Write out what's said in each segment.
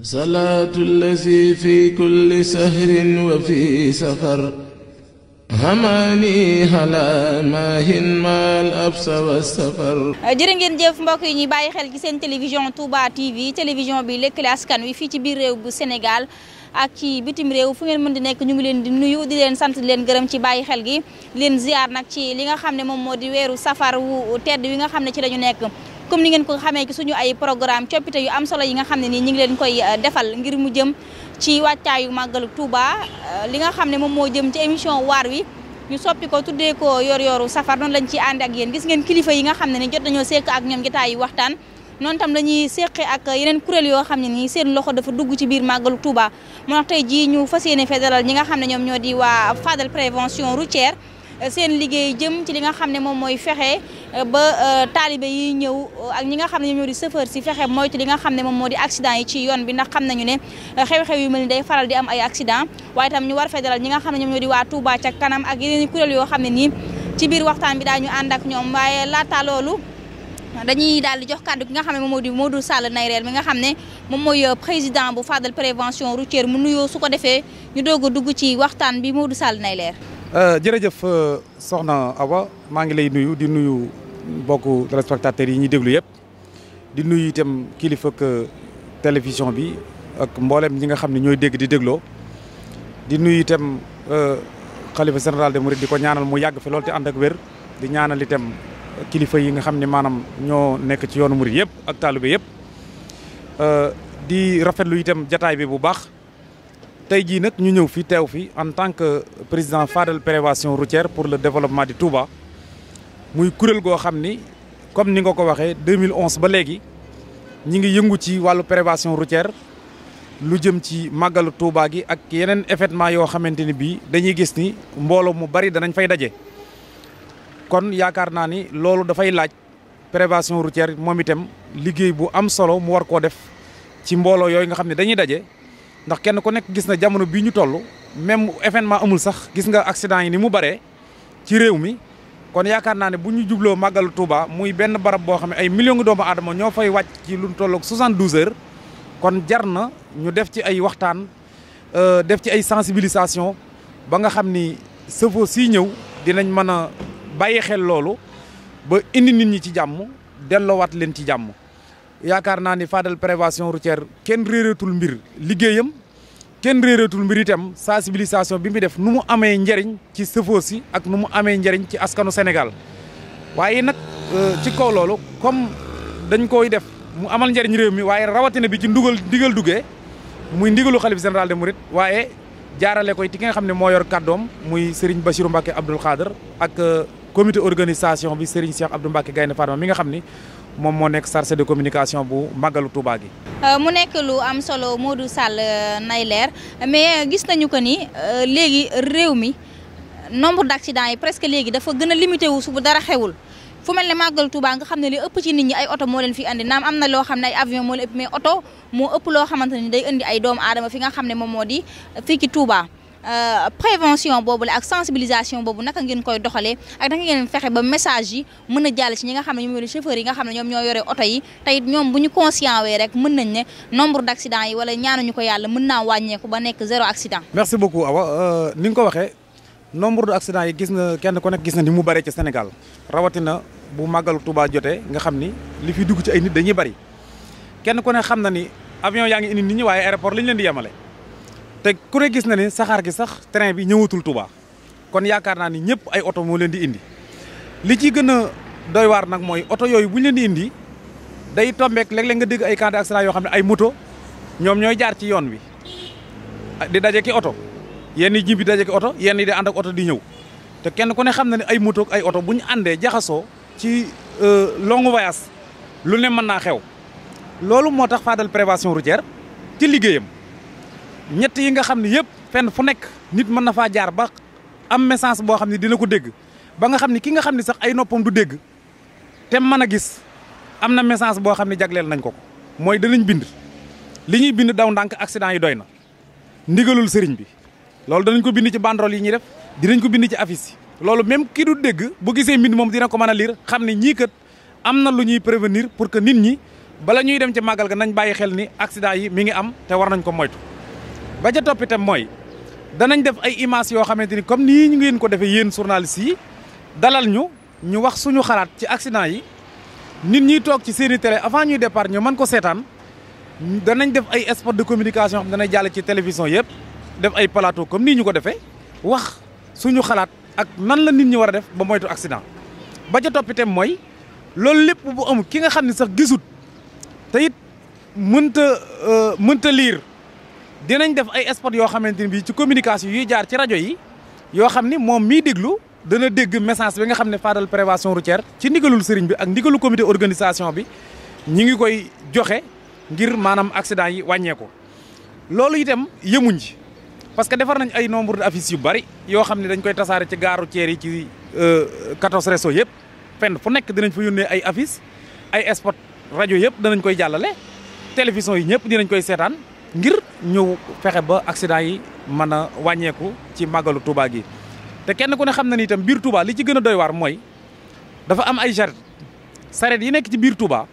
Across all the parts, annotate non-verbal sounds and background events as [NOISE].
صلاة الذي في كل سهر وفي سفر hamani hala mahin mal absa wa safar jërë ngeen jëf mbokk yi ñuy bàyyi xel ci seen télévision Touba TV télévision bi lëkkale askan wi fii ci biir réew bu senegal ak ci bitim réew fu ngeen mën di nekk ñu ngi leen di nuyu di leen sant di leen gërëm ci bàyyi xel gi di leen ziar nag ci li nga xam ne moom moo di weeru safar wu ted wi nga xam ne ci la ñu nekk comme ni ngeen ko xamee ci suñu ay programme coppite yu am solo yi nga xam ne nii ñu ngi leen koy euh, defal ngir mu jëm ci wàccaayu màggalu Touba euh, li nga xam ne moom moo jëm ci émission waar wi ñu soppi ko tuddee ko yor-yoru safar noonu lañ ci ànd ak yéen gis ngeen kilifa yi nga xam ne ni jot nañoo sekk ak ñoom jotaay yi waxtaan noonu tam la ñuy seqee ak yeneen kuréel yoo xam ne nii seen loxo dafa dugg ci biir màggalu Touba moo tax tey jii ñu fas yéene fee dalal ñi nga xam ne ñoom ñoo di waa Fadel prévention routière seen liggéey jëm ci li nga xam ne moom mooy fexe euh, ba euh, taalibe yi ñëw euh, ak ñi nga xam ne ñoo di chauffeur si fexe moytu li nga xam ne moom moo di accident yi ci yoon bi ndax xam ne xew yu mel ni day faral di am ay accident waaye tam ñu war fee ñi nga xam ne ñoom ñoo di waa Touba ak yeneen kuréel yoo xam ne nii ci biir waxtaan bi daañu ànd ak ñoom waaye laata dañuy daal di jox kàddu ki nga xam ne moom moo di Modou Sall Nayrel mi nga xam ne moom mooy président bu Fadel prévention routière mu nuyoo su ko defee ñu doog a dugg ci waxtaan bi Modou Sall leer Euh, jërëjëf euh, soxna Awa maa ngi lay nuyu di nuyu mbokku téléspectateurs yi ñuy déglu yëpp di nuyu itam kilifa ak euh, télévision bi ak mboolem ñi nga xam ne ñooy dégg di dégloo di nuyu itam xalifa général de Mouride di ko ñaanal mu yàgg fi loolu te ànd ak wér di ñaanal itam kilifa yi nga xam ne maanaam ñoo nekk ci yoonu Mouride yëpp ak bi yëpp di rafetlu itam jataay bi bu baax. tey jii nag ñu ñëw fi teew fi en tant que président Fadel prévention routière pour le développement du Touba muy kuréel goo xam ni comme ni nga ko waxee 2011 ba léegi ñi ngi yëngu ci wàllu prévention routière lu jëm ci màggalu Touba gi ak yeneen événement yoo xamante ni bii dañuy gis ni mbooloo mu bari danañ fay daje kon yaakaar naa ni loolu dafay laaj prévention routière moom itam liggéey bu am solo mu war koo def ci mbooloo yooyu nga xam ne dañuy daje ndax kenn ku nekk gis na jamono bii ñu toll même événement amul sax gis nga accident yi ni mu baree ci réew mi kon yaakaar naa ne bu ñu jubloo màggalu Touba muy benn barab boo xam ne ay millions ngi doomu adama ñoo fay wàcc ci lu tolloog 72 heures kon jar na ñu def ci ay waxtaan euh, def ci ay sensibilisation ba nga xam ni sëfo si ñëw dinañ mën a bàyyi xel loolu ba indi nit ñi ci jàmm delloowaat leen ci jàmm yaakaar naa ni Fadel prévention routière kenn réeréetul mbir liggéeyam kenn réeréetul mbir itam sensibilisation bi mu def nu mu amee njëriñ ci sëfoos si ak nu mu amee njëriñ ci askanu Sénégal waaye nag euh, ci kaw loolu comme dañ koy def mu amal njariñ réew mi waaye rawatina bi ci ndugal ndigal duggee muy ndigalu xalif général de Mouride waaye jaarale koy ti ki nga xam ne moo yor kàddoom muy Serigne Bassirou Mbacké Abdoul Khader ak euh, comité organisation bi Serigne Cheikh Abdou Mbacké Gaynde Fatma mi nga xam ni moom moo nekk sarce de communication bu màggalu Touba gi. Euh, mu nekk lu am solo moo du Sall euh, nay leer mais euh, gis nañu ko ni léegi réew mi nombre d'accidents yi presque léegi dafa gën a limité wu su dara xewul. fu mel ne màggal Touba nga xam ne li ëpp ci nit ñi ay oto moo leen fi indi naam am na loo xam ne ay avion moo leen mais oto moo ëpp loo xamante ni day indi ay doom aadama fi nga xam ne moom moo di fii ci Touba. Euh, prévention boobu la ak sensibilisation boobu naka ngeen koy doxalee ak naka ngeen fexe ba message yi mën na jàll ci ñi nga xam ne ñoom yore yi nga xam ne ñoo yore oto yi tey ñoom bu ñu conscient wee rek mën nañ ne nombre d' accident yi wala ñaanuñu ko yàlla mën naa wàññeeku ba nekk zéro accident. merci beaucoup Awa euh, ni nga ko waxee nombre d' accident yi gis na kenn ku nekk gis na ni mu bëree ci Sénégal rawatina bu màggalu Touba jotee nga xam ni li fi dugg ci ay nit dañuy bari kenn ku ne xam na ni avion yaa ngi indi nit ñi waaye leen di yemale te ku ne gis na ni saxaar gi sax train bi ñëwatul Touba kon yaakaar naa ni ñëpp ay oto moo leen di indi li ci gën a doy waar nag mooy oto yooyu bu ñu leen di indi day tombeek léeg-léeg nga dégg ay cas d'accident yoo xam ne ay moto ñoom ñooy jaar ci yoon wi di daje ki oto yenn yi ñibbi daje ki oto yenn yi di ànd oto di ñëw te kenn ku ne xam na ne ay moto ay oto bu ñu àndee jaxasoo ci euh, long voyage lu ne mën naa xew loolu moo tax Fadel prévention routière ci liggéeyam. ñett yi nga xam ne yëpp fenn fu nekk nit mën na faa jaar ba am message boo xam ne dina ko dégg ba nga xam ne ki nga xam ne sax ay noppam du dégg te mën a gis am na message boo xam ne jagleel nañ ko ko mooy danañ bind li ñuy bind daw ndànk accident yi doy na ndigalul sëriñ bi loolu danañ ko bind ci banderole yi ñuy def dinañ ko bind ci affiche yi loolu même ki du dégg bu gisee mbind moom dina ko mën a lire xam ne ñii kat am na lu ñuy prévenir pour que nit ñi bala ñuy dem ci màggal ga nañ bàyyi xel ni accident yi mi ngi am te war nañ ko moytu ba ca topp mooy danañ def ay images yoo xamante ni comme nii ñu ngeen ko defee yéen journalistes yi dalal ñu ñu wax suñu xalaat ci accident yi nit ñiy toog ci seeni télé avant ñuy départ ñu mën ko seetaan danañ def ay spot de communication xam dana jàll ci télévision yëpp def ay palaatoo comme nii ñu ko defee wax suñu xalaat ak nan la nit ñi war a def ba moytu accident ba ca topp mooy loolu lépp bu amul ki nga xam ne sax gisut te it mënta euh, mënta liir dinañ def ay spots yoo xamante ni bii ci communication yuy jaar ci rajo yi yoo xam ni moom mii déglu dana dégg message bi nga xam ne Fadal prévention routière ci ndigalul sëriñ bi ak ndigalu comité organisation bi ñi ngi koy joxe ngir maanaam accident yi wàññeeku. loolu itam yëmuñ ci parce que defar nañ ay nombre d'affiches yu bari yoo xam ne dañ koy tasaare ci gaaru ceer yi ci 14 euh, réseaux yëpp fenn fu nekk danañ fa yónnee ay affiches ay spots rajo yëpp danañ koy jàllale télévision yi ñëpp dinañ koy seetaan. ngir ñëw fexe ba accident yi mën a wàññeeku ci màggalu Touba gi. te kenn ku ne xam na ni itam biir Touba li ci gën a doy waar mooy dafa am ay charrette charrette yi nekk ci biir Touba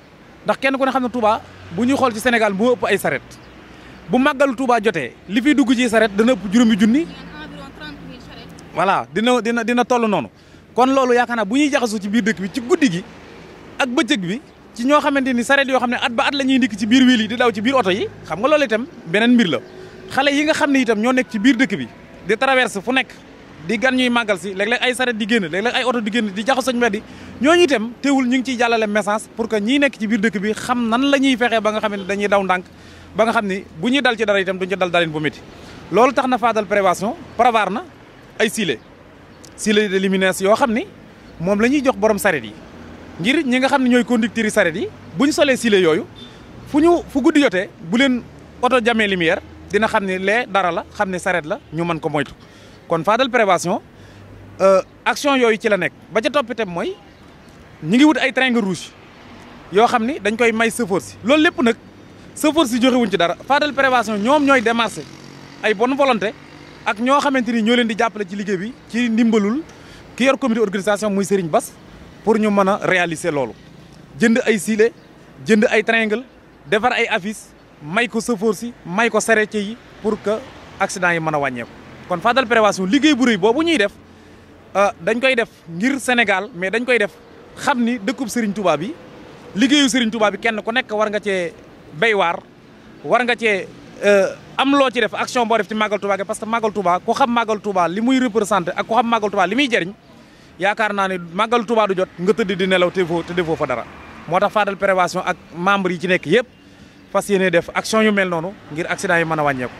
ndax kenn ku ne xam na Touba bu ñuy xool ci Sénégal moo ëpp ay charrette bu màggalu Touba jotee li fiy dugg ci charrette dana ëpp juróomi junni. voilà dina dina dina toll noonu kon loolu yaakaar naa bu ñuy jaxasoo ci biir dëkk bi ci guddi gi ak bëccëg bi. ci ñoo xamante ni sareet yoo xam ne at ba at la ñuy dikk ci biir wiil yi di daw ci biir oto yi xam nga loolu itam beneen mbir la xale yi nga xam ne itam ñoo nekk ci biir dëkk bi di traverse fu nekk di gan ñuy màggal si léeg-léeg ay sareet di génn léeg-léeg ay oto di génn di jaxasoo mbedd yi ñooñu itam teewul ñu ngi ciy jàllale message pour que ñii nekk ci biir dëkk bi xam nan la ñuy fexee ba nga xam ne dañuy daw ndànk ba nga xam ni bu ñu dal ci dara itam duñu ci dal dalin bu loolu tax na faadal prévention prévoir na ay siile siile de luminescence yoo xam ni moom la ñuy jox borom sareet yi ngir ñi nga xam ne ñooy conducteurs yi saret yi bu ñu solee sile yooyu fu ñu fu guddi jotee bu leen oto jamee lumière dina xam ne lee dara la xam ne saret la ñu man ko moytu kon Fadel prévention euh, action yooyu ci la nekk ba ca topp itam mooy ñu ngi wut ay tringle rouge yoo xam ni dañ koy may chauffeur si loolu lépp nag chauffeur si joxewuñ ci dara Fadel prévention ñoom ñooy démarché ay bon volonté ak ñoo xamante ni ñoo leen di jàppale ci liggéey bi ci ndimbalul ki yor comité organisation muy Serigne pour ñu mën a réaliser loolu jënd ay siile jënd ay triangle defar ay affiches may ko sëfoor may ko charretier yi pour que accident yi mën a wàññeeku. kon Fadal prévention liggéey bu rëy boobu ñuy def euh, dañ koy def ngir Sénégal mais dañ koy def xam ni dëkkub Serigne Touba bi liggéeyu Serigne Touba bi kenn ku nekk war nga cee béy waar war nga cee. Euh, am loo ci def action boo def ci màggal Touba parce que màggal Touba ku xam màggal Touba li muy représenté ak ku xam li muy jëriñ yaakaar naa ne màggalu Tuubaa jot nga tëdd di nelaw te foo te defoo fa dara moo tax Fadel Prévention ak membre yi ci yëpp fas yéene def action yu mel noonu ngir accident yi mën a wàññeeku.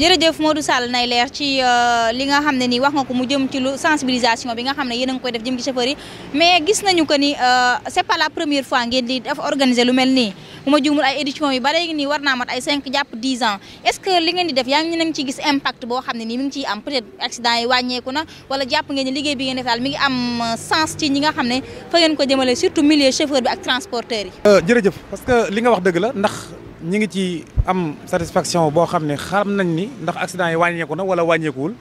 jërëjëf Modou Sall nay leer ci euh, li nga xam ne nii wax nga ko mu jëm ci lu sensibilisation bi nga xam ne yéen a ngi koy def jëm ci chauffeur yi mais gis nañu que ni euh, c'est pas la première fois ngeen di def organiser lu mel nii bu ma juumul ay édition yi ba léegi nii war naa mat ay 5 jàpp 10 ans est ngi ci gis impact boo xam ne nii mi ngi ciy am peut-être accident yi wàññeeku na wala jàpp ngeen ni liggéey bi ngeen def daal mi ngi am euh, sens ci nga xam ne fa ngeen ko jëmale surtout milieu chauffeur bi ak transporteur yi. jërëjëf que li nga wax dëgg la ndax ñi ngi ci am satisfaction boo xam ne xam nañ ni ndax accident yi wàññeeku na wala wàññeekuwul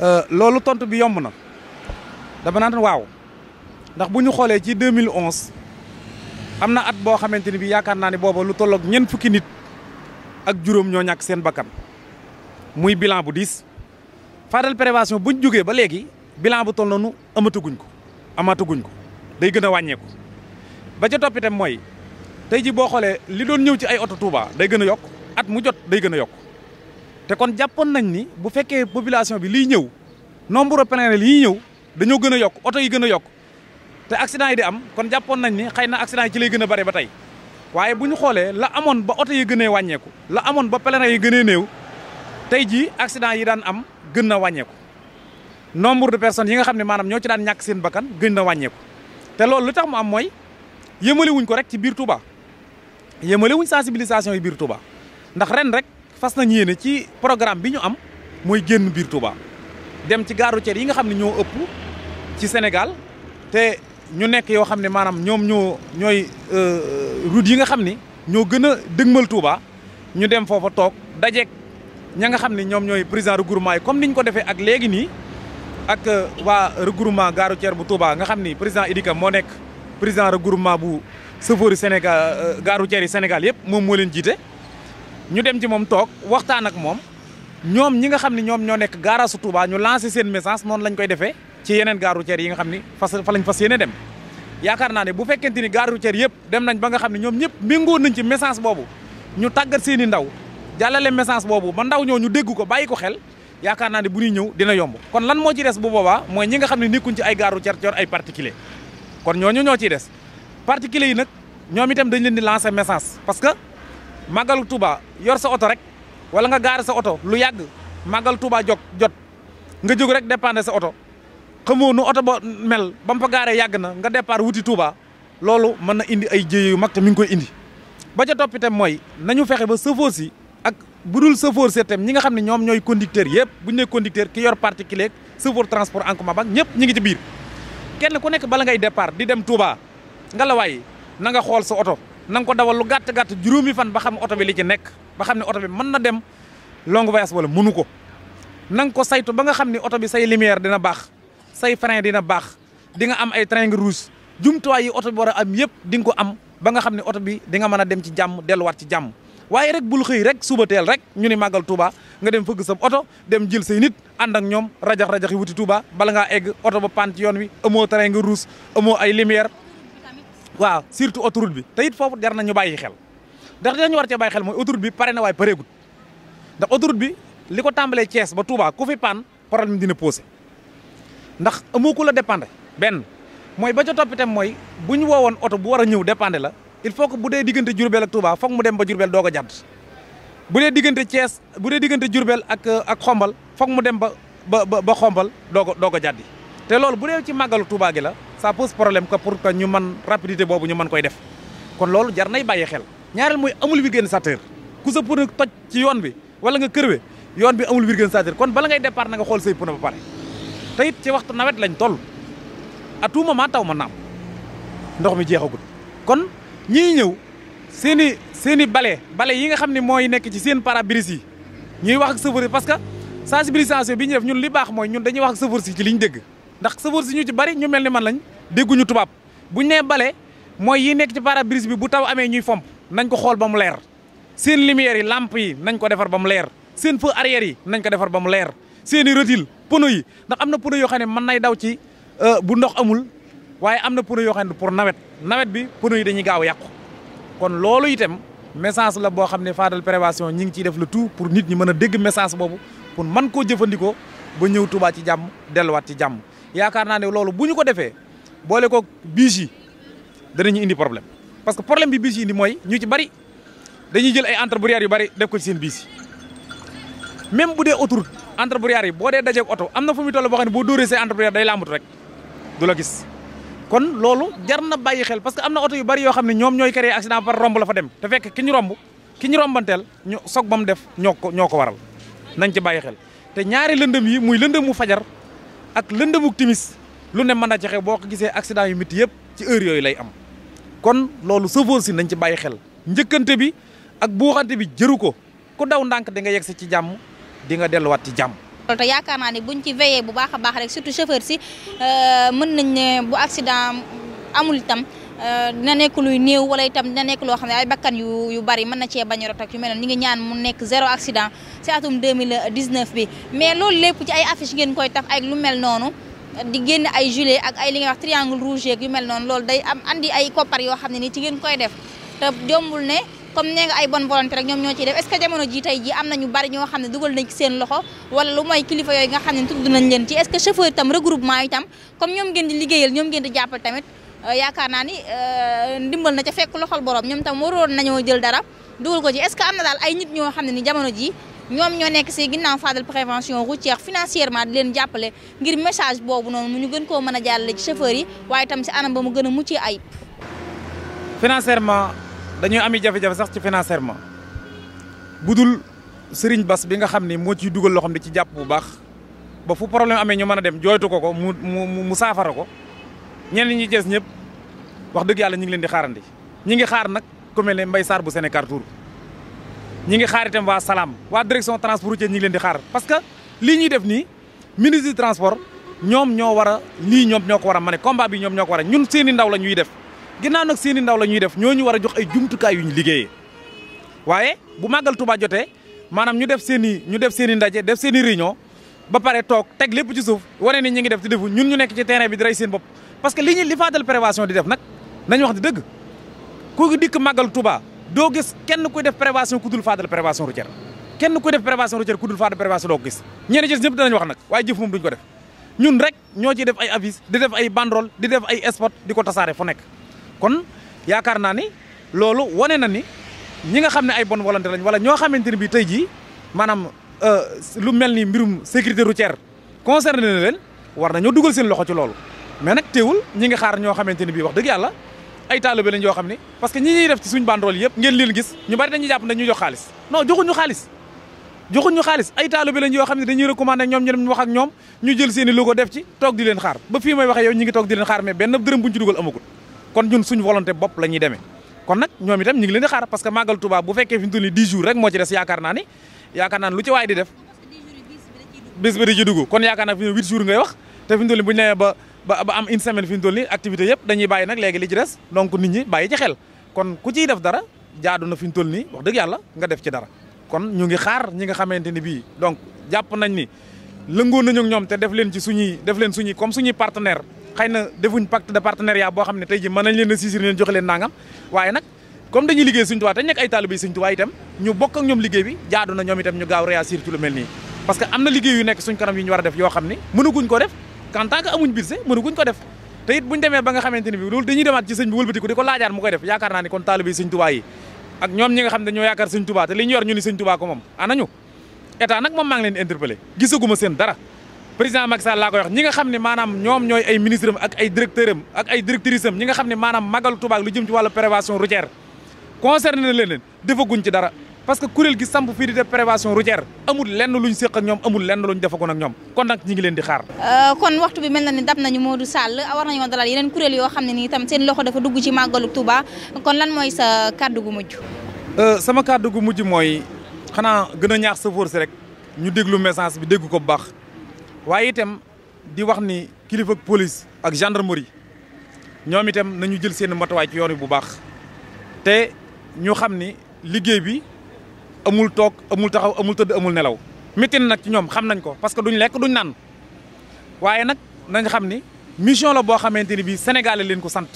euh, loolu tontu bi yomb na dama naan waaw ndax bu ñu xoolee ci 2011 am na at boo xamante ni bi yaakaar naa ne booba lu tolloog ñeent fukki nit ak juróom ñoo ñàkk seen bakkan muy bilan bu diis Fadel prévention buñ jógee ba léegi bilan bu toll noonu amataguñ ko amataguñ ko day gën a wàññeeku ba ca topp mooy. tey ji boo xoolee li doon ñëw ci ay oto Touba day gën a yokk at mu jot day gën a yokk te kon jàppoon nañ ni bu fekkee population bi liy ñëw nombre de pèlerins yi ñëw dañoo gën a yokk oto yi gën a yokk te accident yi di am kon jàppoon nañ ni xëy na accident yi ci lay gën a bare ba tey waaye bu ñu xoolee la amoon ba oto yi gënee wàññeeku la amoon ba pèlerins yi gënee néew tey jii accident yi daan am gën na wàññeeku nombre de personnes yi nga xam ne maanaam ñoo ci daan ñàkk seen bakkan gën na wàññeeku te loolu lu tax mu am mooy yëmale ko rek ci biir Touba yemale sensibilisation yi biir Touba ndax ren rek fas nañ yéene ci programme bi ñu am mooy génn biir Touba dem ci gare routière yi nga xam ne ñoo ëpp ci Sénégal te ñu nekk yoo xam ne maanaam ñoom ñoo ñooy euh, route yi nga xam ni ñoo gën a dëgmal Touba ñu dem foofa toog dajeek ña nga xam ne ñoom ñooy président regroupement yi comme niñ ko defee ak léegi nii ak euh, waa regroupement gare routière bu Touba nga xam ni président Idika moo nekk président regroupement bu chauffeur yi Sénégal euh, gare routière Sénégal yëpp moom moo leen jiite ñu dem ci moom toog waxtaan ak moom ñoom ñi nga xam ni ñoom ñoo nekk gaaraasu Touba ñu lancé seen message noonu lañ koy defee ci yeneen gare yi nga xam ne fas fa lañ fas yéene dem yaakaar naa ne bu fekkente ni gare routière yëpp dem nañ ba nga xam ne ñoom ñëpp méngoo nañ ci message boobu ñu tàggat seen ndaw jàllale message boobu ba ndaw ñoo ñu dégg ko bàyyi ko xel yaakaar naa ne bu ñuy ñëw dina yomb kon lan moo ci des bu boobaa mooy ñi nga xam ne nekkuñ ci ay gare routière yor ay particulier kon ñoo ñu ñoo ciy des particulier yi nag ñoom itam dañ leen di lancer message parce que màggalu Touba yor sa oto rek wala nga gaare sa oto lu yàgg màggal Touba jog jot nga jóg rek dépendre sa oto xamoo nu oto ba mel ba mu yàgg na nga départ wuti Touba loolu mën na indi ay jéye yu mag te mi ngi koy indi ba ca topp itam mooy nañu fexe ba sëfoor si ak bu dul sëfoor si itam ñi nga xam ne ñoom ñooy conducteur yëpp bu ñu nee ki yor particulier sëfoor transport en commun ba ñëpp ñi ngi ci biir kenn ku nekk bala ngay départ di dem Touba ngalawaay na nga xool sa oto na nga ko dawal lu gàtt gàtt juróomi fan ba xam oto bi li ci nekk ba xam ne oto bi mën na dem longue voyage wala mënu ko na ko saytu ba nga xam ne oto bi say lumière dina baax say frein dina baax di nga am ay triangle ruus jumtuwaay yi oto bi war a am yëpp dinga ko am ba nga xam ne oto bi di nga mën a dem ci jàmm delluwaat ci jàmm waaye rek bul xëy rek suba teel rek ñu ne màggal Touba nga dem fëgg sam oto dem jël say nit ànd ak ñoom rajax rajax yi wuti Touba bala ngaa egg oto ba paan ci yoon wi amoo terrain nga ruus amoo ay lumière waaw surtout autoroute bi te it foofu jar na ñu bàyyi xel ndax ñu war cee bàyyi xel mooy autoroute bi pare na waaye pareegut ndax autoroute bi li ko tàmbalee Thiès ba Touba ku fi paan problème mi dina posé ndax amoo ku la dépendre benn mooy ba ca topp mooy bu ñu woowoon oto bu war a ñëw dépendre la il faut que bu dee diggante Diourbel ak Touba foog mu dem ba Diourbel doo a jàdd bu dee diggante Thiès bu dee diggante Diourbel ak ak xombal foog mu dem ba ba ba xombal doog a doog jàddi te loolu bu dee ci màggalu Touba gi la. ça problème que pour que ñu mën rapidité boobu ñu koy def kon loolu jar nay bàyyi xel ñaareel mooy amul virgule satteur ku sa pneu toj ci yoon bi wala nga kërwe yoon bi amul virgule satteur kon bala ngay départ na nga xool say pneu ba pare te it ci waxtu nawet lañ toll à tout moment taw ma naam ndox mi jeexagul kon ñii ñëw seen i seen i bale bale yi nga xam ne mooy nekk ci seen pare-brise yi ñuy wax ak chauffeur yi parce que sensibilisation bi ñu def ñun li baax mooy ñun dañuy wax ak chauffeur si ci liñ dégg ndax chauffeur si ñu ci bari ñu mel ni man lañ dégguñu tubaab buñ nee bale mooy yi nekk ci pare-brise bi bu taw amee ñuy fomp nañ ko xool ba mu leer seen lumière yi làmp yi nañ ko defar ba mu leer seen feu arrière yi nañ ko defar ba mu leer seen i rëtil pono yi ndax am na pono yoo xam ne mën nay daw ci euh, bu ndox amul waaye am na pono yoo xam ne pour nawet nawet bi pono yi dañuy gaaw yàqu kon loolu itam message la boo xam ne Fadal Prévention ñi ngi ciy def le tout pour nit ñi mën a dégg message boobu pour mën koo jëfandikoo ba ñëw Touba ci jàmm delluwaat ci jàmm yaakaar naa ne loolu bu ñu ko defee boole ko biis yi danañu indi problème parce que problème bi biis yi indi mooy ñu ci bari dañuy jël ay entrepreneur yu bari def ko ci seen biis yi bu dee autoroute entrepreneur yi boo dee dajeeg oto am na fu muy toll boo xam ne boo dóoree say entrepreneur day làmbatu rek du la gis. kon loolu jar na bàyyi xel parce que am na oto yu bari yoo xam ne ñoom ñooy créer accident par romb la fa dem te fekk ki ñu romb ki ñu rombanteel ñu ba mu def ñoo ko ñoo ko waral nañ ci bàyyi xel te ñaari lëndëm yi muy lëndëmu fajar ak lëndëmu timis lu ne mën a joxe boo ko gisee accident yu métti yëpp ci heure yooyu lay am kon loolu sëfoor si nañ ci bàyyi xel njëkkante bi ak buuxante bi jëru ko ku daw ndànk di nga yegg si ci jàmm di nga delluwaat ci jàmm. te yaakaar naa ne buñ ci veillé bu baax a baax rek surtout chauffeur si euh, mën nañ ne bu accident amul itam euh, dina nekk luy néew wala itam dina nekk loo xam ne ay bakkan yu yu bari mën na cee bañ a rot ak yu mel noonu ñu ngi ñaan mu nekk zéro accident si atum 2019 bi mais loolu lépp ci ay affiche ngeen koy taf ak lu mel noonu. di génn ay gilet ak ay li nga wax triangle rouge yeeg yu mel noonu loolu day am andi ay koppar yoo xam ne nii ci ngeen koy def te jombul ne comme nee nga ay bonne volonté rek ñoom ñoo ciy def ce que jamono ji tey ji am nañu bari ñoo xam ne dugal nañ ci seen loxo wala lu mooy kilifa nga xam ne nañ leen ci est ce que chauffeur itam regroupement itam comme ñoom ngeen di liggéeyal ñoom euh, naa ni euh, ndimbal na ca fekk loxol borom ñoom tam waroon nañoo jël dara dugal ko ci est ce que am na daal ay nit ñoo xam ne ni jamono ji ñoom ñoo nekk si ginnaaw Fadel prévention routière financièrement di leen jàppale ngir message boobu noonu mu ñu gën koo mën a jàllale ci chauffeur yi waaye tam si anam ba mu gën a muccee ayib. financièrement dañuy ami jafe-jafe sax ci financièrement budul Serigne Bass bi nga xam ne moo ci dugal loo xam ne ci jàpp bu baax ba fu problème amee ñu mën a dem jooytu ko ko mu mu mu saafara ko ñenn ñi jees ñëpp wax dëgg yàlla ñu ngi leen di xaarandi ñi ngi xaar nag ku ne Mbaye Sarr bu Sénégal ñi ngi xaar itam waa salaam waa direction transport routier ñi ngi leen di xaar parce que li ñuy def ni ministre du transport ñoom ñoo war a lii ñoom ñoo ko war a mane combat bi ñoom ñoo ko war a ñun seen ndaw la ñuy def ginnaaw nag seen ndaw la ñuy def ñoo ñu war a jox ay jumtukaay yu ñu liggéeyee waaye bu màggal tubaa jotee maanaam ñu def seen i ñu def seen i ndaje def seen i réunion ba pare toog teg lépp ci suuf wane ni ñi ngi def di defu ñun ñu nekk ci terrain bi di rey bopp parce que li li Fadel Prévention di def nag nañu wax di dëgg ku dikk màggal Tuubaa doo gis kenn kuy def prévention ku dul Fadel prévention routière kenn kuy def prévention routière ku dul Fadel prévention doo ko gis ñeneen gis ñëpp danañ wax nag waaye jëf moom duñ def ñun rek ñoo ciy def ay avis di def ay banderole di def ay spot di ko tasaare fo nekk kon yaakaar naa ni loolu wane na ni ñi nga xam ne ay bonne volonté lañ wala ñoo xamante ne bii tey jii maanaam euh, lu mel ni mbirum sécurité routière concerné na leen dugal seen loxo ci loolu mais nag teewul ñi nga xaar ñoo xamante ni bii wax dëgg yàlla ay taalibe lañ yoo xam ne parce que ñi ñuy def ci suñ banderole yëpp ngeen leen gis ñu bari dañuy jàpp ne jox xaalis non joxuñu xaalis xaalis ay taalibe lañ xam ne dañuy recommandé ñoom ñu dem wax ak i logo la demee kon nag ñoom itam ñu ngi rek moo des yaakaar naa ni yaakaar naa lu ci waay di def bis bi di ci dugg kon yaakaar naa fi 8 jours ngay wax te fi ñu bu ñu nee ba am une semaine fi ñu toll nii activité yëpp dañuy bàyyi nag léegi li ci donc nit ñi bàyyi ci xel kon ku ciy def dara jaadu na fi ñu toll nii wax dëgg yàlla nga def ci dara kon ñu ngi xaar ñi nga xamante ni bii donc jàpp nañ ni lëngoo nañu ak ñoom te def leen ci suñuy def leen suñuy comme suñuy partenaire xëy na defuñ pacte de partenariat boo xam ne tey ji mën nañ leen a siisir leen joxe leen nangam waaye nag comme dañuy liggéey Sëñ Tuubaa te nekk ay taalibe Sëñ Tuubaa ñu bokk ak ñoom liggéey bi jaadu ñu gaaw réussir ci lu mel nii parce que yu nekk suñ kanam yu ñu war a def xam ni mënaguñ ko def en tant que amuñ budget mënuguñ ko def te it buñ demee ba nga xamante ni bi loolu dañuy demaat ci sëñ bi wëlbatiku di ko laajaat mu koy def yaakaar naa ni kon taalibe sëñ Tuubaa yi ak ñoom ñi nga xam ne ñoo yaakaar sëñ Tuubaa te li yor ñu ni sëñ Tuubaa ko moom anañu état nag moom maa leen di interpellé gisaguma seen dara président Macky Sall laa koy wax ñi nga xam ne maanaam ñoom ñooy ay ministre ak ay directeur ak ay directrice am ñi nga xam ne maanaam magalu Tuubaa lu jëm ci wàllu prévention routière concerné na leen ci dara parce que kuréel gi samp fii di def prévention routière amul lenn luñ séq ñoom amul lenn luñ defagoon ak ñoom kon nag ñi ngi leen di xaar euh, kon waxtu bi mel na ni dab nañu Modou Sall war nañoo dalal yeneen kuréel yoo xam ne nii tam seen loxo dafa dugg ci màggalu Touba kon lan mooy sa kàddu gu mujj euh, sama kàddu gu mujj mooy xanaa gën a ñaax sëfoor si rek ñu déglu message bi dégg ko bu baax waaye itam di wax ni kilifa ak police ak gendarmerie ñoom itam nañu jël seen matuwaay ci bu baax te ñu xam ni liggéey bi amul toog amul taxaw amul tëdd amul nelaw mitin nag ci ñoom xam nañ ko parce que duñ lekk duñ naan waaye nag nañ xam ni mission la boo xamante ni bii Sénégal leen ko sant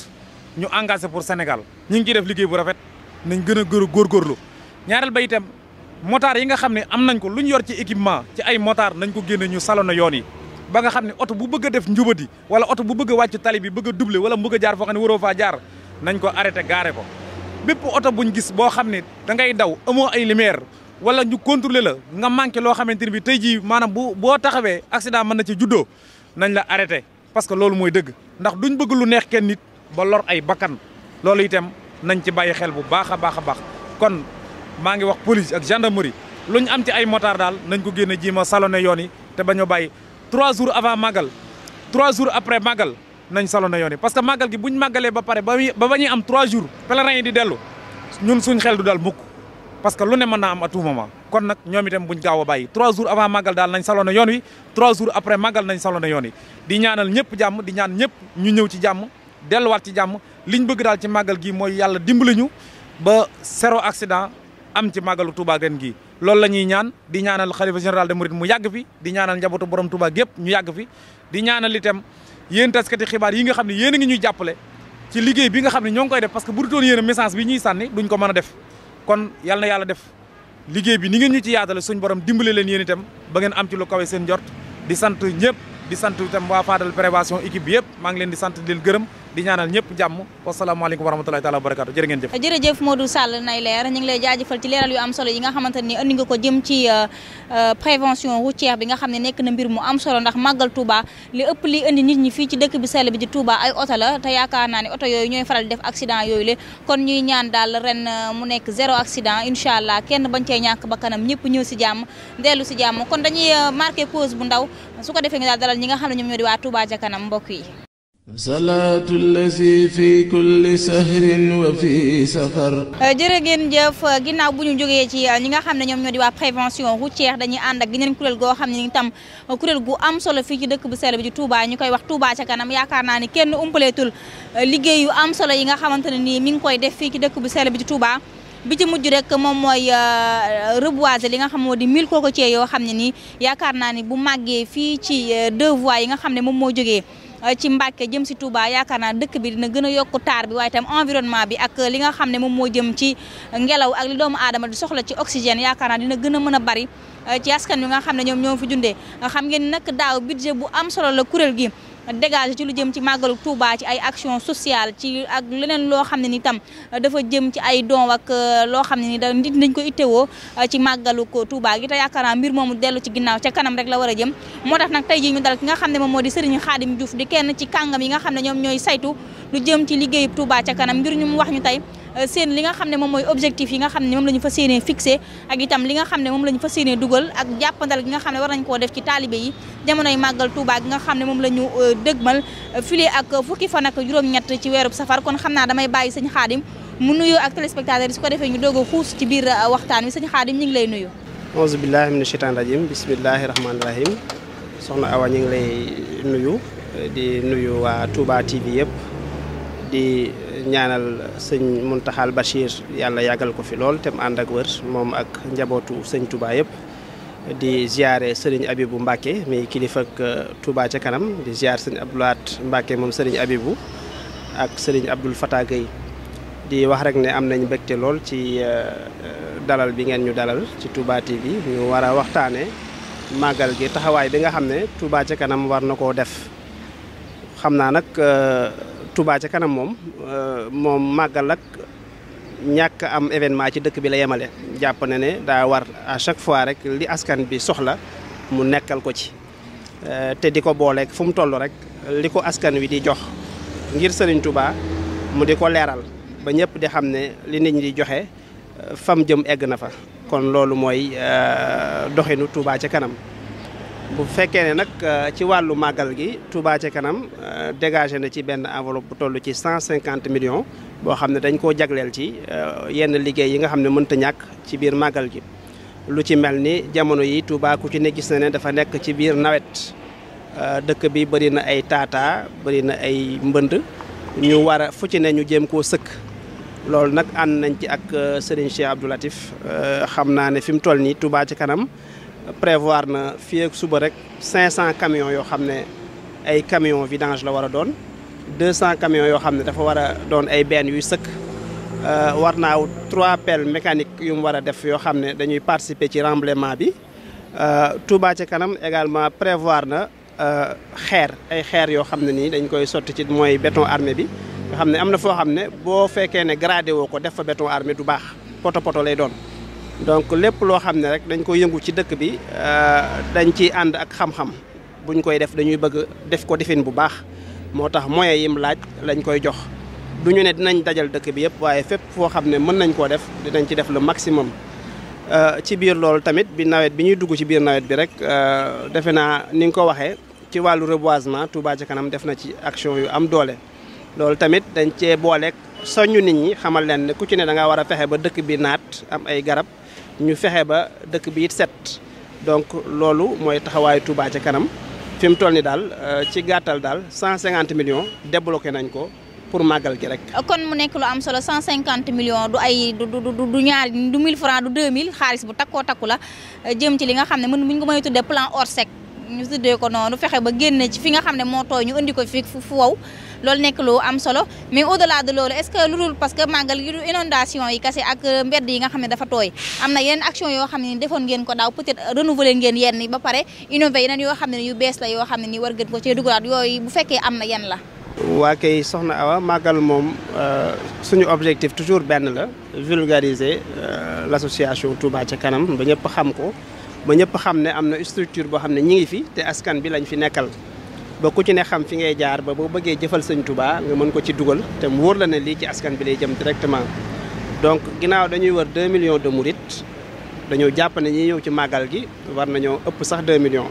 ñu engage pour Sénégal ñu ngi ciy def liggéey bu rafet nañ gën a gën a góorgóorlu ñaareel ba itam motaar yi nga xam ne am nañ ko lu ñu yor ci équipement ci ay motaar nañ ko génne ñu saloon yoon yi ba nga xam ne oto bu bëgg a def njubadi wala oto bu bëgg wàcc tali bi bëgg a wala bëgg jaar foo xam ne waroo faa jaar nañ ko arrêté gaare ko bépp oto buñ gis boo xam ne da ngay daw amoo ay lumière wala ñu contrôler la nga manqué loo xamante ni bi tey jii maanaam bu boo taxawee accident mën na ci juddoo nañ la arrêté parce que loolu mooy dëgg ndax duñ bëgg lu neex kenn nit ba lor ay bakkan loolu itam nañ ci bàyyi xel bu baax a baax a baax kon maa ngi wax police ak gendarmerie lu ñu am ci ay motard daal nañ ko génne ji ma saloné yoon yi te bañ a bàyyi trois jours avant màggal trois jours après màggal nañ saloon na yoon yi parce que màggal gi buñ màggalee ba pare ba ba ñuy am trois jours pèlerins di dellu ñun suñ xel du daal mukk parce que lu ne mën naa am à tout kon nag ñoom itam buñ gaaw a bàyyi trois jours avant màggal daal nañ saloon na yoon wi trois jours après màggal nañ saloon na yoon yi di ñaanal ñëpp jàmm di ñaan ñëpp ñu ñëw ci jàmm delluwaat ci jàmm liñ bëgg daal ci màggal gi mooy yàlla dimbali ñu ba sero accident am ci màggalu Touba ren gi loolu la ñuy ñaan di ñaanal xalifa général de Mouride mu yàgg fi di ñaanal njabootu borom Touba gépp ñu yàgg fi di ñaanal itam yéen taskati xibaar yi nga xam ne yéen a ngi ñuy jàppale ci liggéey bi nga xam ne ñoo ngi koy def parce que bu dutoon yéen a message bi ñuy sànni duñ ko mën a def kon yal na yàlla def liggéey bi ni ngeen ñu ci yaatale suñ borom dimbale leen yéen itam ba ngeen am ci lu kawe seen jot di sant ñëpp di sant itam waa Fadal prévention équipe bi yëpp maa ngi leen di sant di gërëm di ñaanal ñëpp jàmm wasalaamaaleykum wa rahmatulahi taala wa barakaatu jërë ngeen jëf jërëjëf Modou Sall nay leer ñu ngi lay jaajëfal ci leeral yu am solo yi nga xamante ni andi nga ko jëm ci euh, euh, prévention routière bi nga xam ne nekk na mbir mu am solo ndax màggal Touba li ëpp li indi nit ñi fii ci dëkk bi sell bi di Touba ay oto la te yaakaar naa ne oto yooyu ñooy faral di def accident yooyu le kon ñuy ñaan daal ren euh, mu nekk zéro accident incha allah kenn bañ cee ñàkk ba kanam ñëpp ñëw si jàmm dellu si jàmm kon dañuy marqué pause bu ndaw su ko defee nga daal dalal ñi nga xam ne ñoom ñoo di waa Touba mbokk yi salaatu lazi fi kulli sahrin wa fi safar. Euh, jërë ngeen jëf ginnaaw bu ñu jógee ci euh, ñi nga xam ne ñoom ñoo di waa prévention ceex dañuy ànd ak geneen kuréel goo xam ne ni tam euh, kuréel gu am solo fii ci dëkk bu sell bi ci Touba ñu koy wax Touba ca kanam yaakaar naa ni kenn umpaleetul liggéey yu am solo yi nga xamante ne nii mi ngi koy def fii ci dëkk bu sell bi ci Touba. bi ci mujj rek moom mooy reboiser li nga xam moo di mille cocotiers yoo xam ne nii yaakaar naa ni bu màggee fii ci deux voies yi nga xam ne moom moo jógee. Euh, ci Mbàkke jëm si Touba yaakaar naa dëkk bi dina gën a yokku taar bi waaye tam environnement bi ak li nga xam ne moom moo jëm ci ngelaw ak doomu aadama di soxla ci oxygène yaakaar naa dina gën a mën a bari euh, ci askan wi nga xam ne ñoom ñoo fi jundee xam ngeen nag daaw budget bu am solo la kuréel gi dégagé ci lu jëm ci màggalu tubaa ci ay action sociale ci ak leneen loo xam ne ni tam dafa jëm ci ay don ak euh, loo xam ne ni da nit dañ ko ittewoo euh, ci màggalu ko Touba gi te yaakaar naa mbir moomu dellu ci ginnaaw ca kanam rek la war a jëm moo tax nag tey jii ñu dal ki nga xam ne moom moo di Serigne Khadim Diouf di kenn ci kàngam yi nga xam ne ñoom ñooy saytu lu jëm ci liggéey Touba ca kanam ngir ñu wax ñu tey Euh, seen li nga xam ne moom mooy objectif yi nga xam ne moom lañu fa fas yéenee fixé ak itam li nga xam ne moom la fa fas yéenee dugal ak jàppandal gi nga xam ne war nañ koo def ci taalibe yi jamonoy màggal Touba gi nga xam ne moom la ñu euh, mal euh, file ak fukki fan ak juróom-ñett ci weerub safar kon xam naa damay bàyyi sëñ Xaadim mu nuyu ak téléspectateur yi su ko defee ñu doog a xuus ci biir waxtaan wi sëñ Xaadim ñu ngi lay nuyu auzu billahi mina shaytaani rajim bismillahi rahmaani rahim soxna Awa ñu ngi lay nuyu di nuyu waa Touba yëpp di ñaanal sëñ Muntaxal Bachir yàlla yàggal ko fi lool te mu ànd ak wër moom ak njabootu sëñ Touba yëpp. di ziare sëriñ Abibu Mbacke mi kilifa uh, tubaa ca kanam di ziar sëñ Abdoulaat Mbacke moom sëriñ Abibu ak sëriñ Abdoul Fatah yi di wax rek ne am nañ mbégte lool ci uh, uh, dalal bi ngeen ñu dalal ci Touba TV ñu war a waxtaanee màggal gi taxawaay bi nga xam ne tubaa ca kanam war na koo def xam naa nag. Touba ca kanam moom euh, moom màggal ak ñàkk am événement ci dëkk bi la yemale jàpp na ne daa war à chaque fois rek li askan bi soxla mu nekkal ko ci euh, te di ko booleeg fu mu toll rek li ko askan wi di jox ngir Serigne Touba mu di ko leeral ba ñëpp di xam ne li nit ñi di joxe euh, fam jëm egg na fa kon loolu mooy doxinu Touba ca kanam bu fekkee ne nag euh, ci wàllu màggal gi Touba ca kanam euh, dégagé na ci benn enveloppe bu toll ci cent cinquante million boo xam ne dañ koo jagleel ci euh, yenn liggéey yi nga xam ne mënta ñàkk ci biir màggal gi lu ci mel ni jamono yi Touba ku ci ne gis na ne dafa nekk ci biir nawet dëkk bi bëri na ay taataa bëri na ay mbënd ñu war a fu ci ne ñu jéem koo sëkk loolu nag ànd nañ ci ak Serigne Cheikh Abdou Latif xam naa ne fi mu toll nii Touba ci kanam prévoir na fii suba rek cinq 500 camions yoo xam ne ay camions vidange la war a doon 200 camions yoo xam ne dafa war a doon ay benn yuy sëkk euh, war naa wut trois pelles mécaniques yu mu war a def yoo xam ne dañuy participer ci remblaiement bi euh, Touba ca kanam également prévoir na euh, xeer ay xeer yoo xam ne nii dañ koy sotti ci mooy béton armé bi nga xam ne am na foo xam ne boo fekkee ne gradé woo ko def fa béton armé du baax poto poto lay doon. donc lépp loo xam ne rek dañ koy yëngu ci dëkk bi euh, dañ ci ànd ak xam-xam buñ koy def dañuy bëgg def ko defin bu baax moo tax moyen yim laaj lañ koy jox du ñu ne dinañ dajal dëkk bi yëpp waaye fépp foo xam ne mën nañ koo def dinañ ci def le maximum euh, ci biir loolu tamit bi nawet bi ñuy dugg ci biir nawet bi rek euh, defe naa ni nga ko waxee ci wàllu reboisement Touba ca kanam def na ci action yu am doole loolu tamit dañ cee booleeg soññu nit ñi xamal leen ne ku da ngaa war a fexe ba dëkk bi naat am ay garab ñu fexe ba dëkk bi it set donc loolu mooy taxawaayu Touba ca kanam fi mu toll ni daal euh, ci gàttal daal 150 millions débloqué nañ ko pour màggal gi rek. kon mu nekk lu am solo 150 millions du ay du du du ñaar du 1000 francs du mille xaalis bu takkoo takku la euh, jëm ci li nga xam ne mën bu ñu ko mënee tuddee or sec ñu tuddee ko noonu fexe ba génne ci fi nga xam ne moo tooy ñu indi ko fi fu wow. loolu nekk lu am solo mais au delà de loolu est-ce que lu dul parce que màggal gi du inondation yi kase ak euh, mbedd yi nga xam ne dafa tooy am na yeneen action yoo xam ne ni defoon ngeen ko daaw peut-être euh, renouveler ngeen yenn ni ba pare innové yeneen yoo xam ne ni yu bees la yoo xam ne ni war ngeen ko ci dugalaat yooyu bu fekkee am na yenn la waa kay soxna Awa màggal moom euh, suñu objectif toujours benn la vulgariser l'association Touba ca kanam ba ñëpp xam ko ba ñëpp xam ne am na structure boo xam ne ñi ngi fi te askan bi lañ fi nekkal ba ku ci ne xam fi ngay jaar ba boo bëggee jëfal sëñ Touba nga mën ko ci dugal te mu wóor la ne lii ci askan bi lay jëm directement. donc ginnaaw dañuy war 2 millions de mourides dañoo jàpp ne ñi ñëw ci màggal gi war nañoo ëpp sax 2 millions.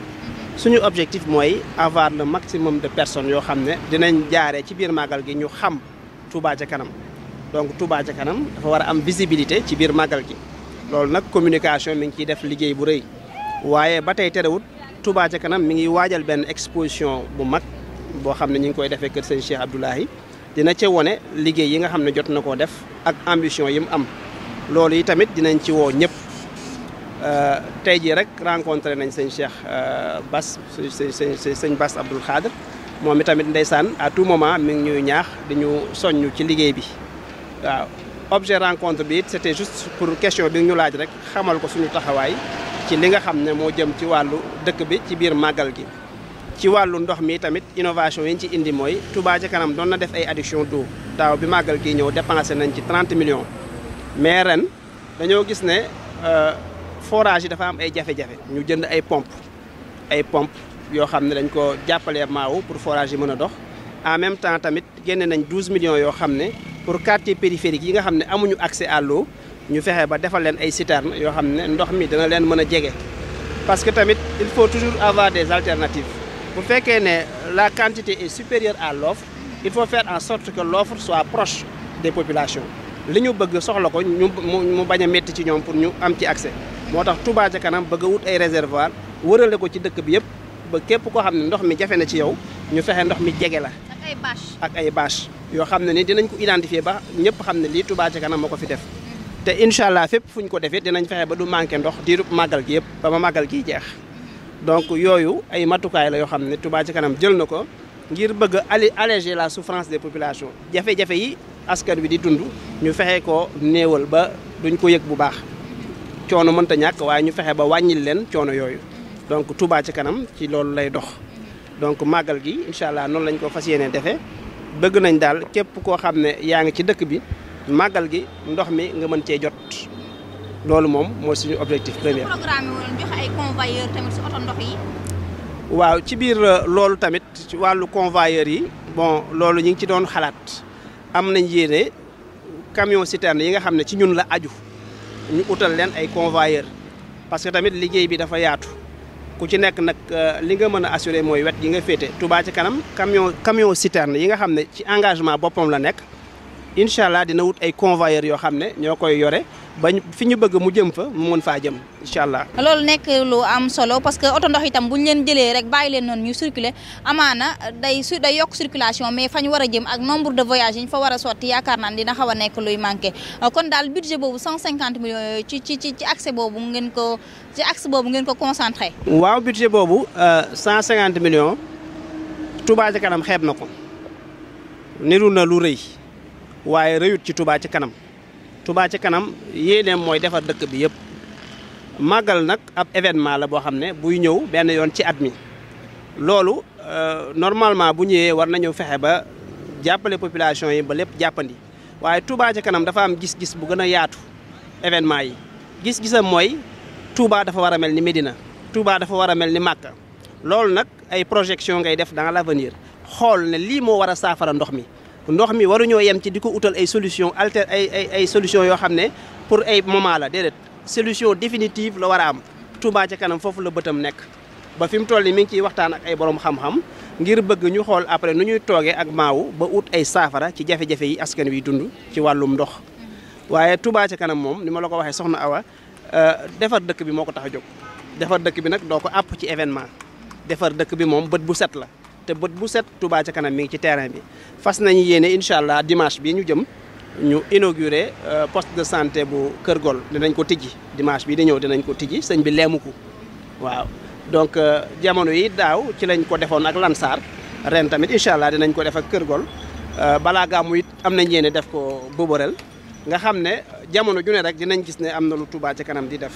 suñu objectif mooy avoir le maximum de personnes yoo xam ne dinañ jaaree ci biir màggal gi ñu xam Touba ca kanam donc Touba ca kanam dafa war a am visibilité ci biir màggal gi loolu nag communication mi ngi ciy def liggéey bu rëy waaye ba tey terewut Touba ca kanam mi ngi waajal benn exposition bu mag boo xam ne ñu ngi koy defee kër sëñ Cheikh Abdoulahi dina ca wone liggéey yi nga xam ne jot na koo def ak ambition yi mu am loolu yi tamit dinañ ci woo ñëpp euh, tey jii rek rencontré nañ sëñ Cheikh Bass sëñ Bass Abdoul Khadr moom tamit ndeysaan à tout moment mi ngi ñuy ñaax di ñu ci liggéey bi waaw objet rencontre bi it c'était juste pour question bi ñu laaj rek xamal ko suñu taxawaay ci li nga xam ne moo jëm ci wàllu dëkk bi ci biir màggal gi ci wàllu ndox mii tamit innovation yi ñu ci indi mooy Touba ca kanam doon na def ay adduction doo daaw bi màggal gi ñëw dépensé nañ ci 30 millions mais ren dañoo gis ne euh, forage yi dafa am ay jafe-jafe ñu jënd ay pompe ay pompe yoo xam ne dañ ko jàppalee maaw pour forage yi mën a dox en même temps tamit génne nañ 12 millions yoo xam ne pour quartier périphérique yi nga xam ne amuñu accès à l'eau ñu fexe ba defal leen ay citernes yoo xam ne ndox mi dana leen mën a jege parce que tamit il faut toujours avoir des alternatives bu fekkee ne la quantité et supérieure à loof il faut faire en sorte que l'offre soit proche des populations li ñu bëgg soxla ko ñu mu bañ a métti ci ñoom pour ñu am ci accès moo tax Touba ca kanam bëgg a wut ay réservoir wërale ko ci dëkk bi yëpp ba képp koo xam ne ndox mi jafe na ci yow ñu fexe ndox mi jege la ak ay bâche yoo xam ne ni dinañ ko identifier ba ñëpp xam ne lii Touba ca moo ko fi def te incha allah fépp fu ñu ko defee dinañ fexe ba du manqué ndox diirub màggal gi yëpp ba ma màggal gi jeex donc yooyu ay matukaay la yoo xam ne Touba ci kanam jël na ko ngir bëgg a alléger la souffrance de populations jafe-jafe yi askan wi di dund ñu fexe ko néewal ba duñ ko yëg bu baax coono mënta ñàkk waaye ñu fexe ba wàññil leen coono yooyu donc Touba ci kanam ci loolu lay dox donc màggal gi incha allah noonu lañ ko fas yéene defee bëgg nañ daal képp koo xam ne yaa ngi ci dëkk bi màggal gi ndox mi nga mën cee jot loolu moom mooy suñu objectif premier. programme woon joxe ay convoyeurs tamit si oto ndox yi. waaw ci biir euh, loolu tamit ci wàllu convoyeurs yi bon loolu ñu ngi ci doon xalaat am nañ yéene camion citerne yi nga xam ne ci ñun la aju ñu utal leen ay convoyeurs parce que tamit liggéey bi dafa yaatu ku ci nekk nag euh, li nga mën a assure mooy wet gi nga féete Touba ci kanam camion camion citerne yi nga xam ne ci engagement boppam la nekk. incha allah dina wut ay convoyeur yoo xam ne ñoo koy yore ba fi ñu bëgg mu jëm fa mu mën faa jëm incha allah. loolu nekk lu am solo parce que oto ndox itam bu ñu leen jëlee rek bàyyi leen noonu ñu circuler amaana day su day yokk circulation mais fa ñu war a jëm ak nombre de voyage yi ñu fa war a sotti yaakaar naa dina xaw a nekk luy manqué kon daal budget boobu 150 millions yooyu ci ci ci accès boobu ngeen ko ci axe boobu ngeen ko concentré. waaw budget boobu 150 euh, millions Touba ca kanam xeeb na ko niru lu rëy. waaye rëyut ci tubaa ci kanam tubaa ci kanam yéeneem mooy defar dëkk bi yëpp màggal nag ab événement la boo xam ne buy ñëw benn yoon ci at mi loolu euh, normalement bu ñëwee war nañu fexe ba jàppale population yi ba lépp jàppandi waaye tubaa ci kanam dafa am gis-gis bu gën a yaatu événement yi gis-gisam mooy Touba dafa war a mel ni Médina Touba dafa war a mel ni Màkka loolu nag ay projection ngay def dans l'avenir xool ne lii moo war a saafara ndox mi ndox mi waruñoo yem ci di ko utal ay solution alter ay ay ay solution yoo xam ne pour ay moment la déedéet solution définitive la war a am Touba ca kanam foofu la bëtam nekk ba fi mu toll nii mi ngi ciy waxtaan ak ay borom xam ngir bëgg ñu après nu ñuy toogee ak maawu ba ut ay saafara ci jafe-jafe yi askan wi dund ci wàllum ndox waaye Touba ca kanam moom ni ma la ko waxee soxna Awa euh, defar dëkk bi moo ko tax a jóg defar dëkk bi nag doo ko àpp ci événement defar dëkk bi moom bët bu set la te bët bu set Touba ca kanam mi ngi ci terrain bi fas nañu yéene incha allah dimanche bi ñu jëm ñu inauguré euh, poste de santé bu Kër Gol dinañ ko tijji dimanche bi di ñëw dinañ ko tijji sëñ bi leemu ko waaw donc euh, jamono yi daaw ci lañ ko defoon ak Lansar ren tamit incha allah dinañ ko def ak Kër Gol euh, balaa gàmmu it am nañ yéene def ko Boborel nga xam ne jamono ju ne rek dinañ gis ne am na lu Touba ca kanam di def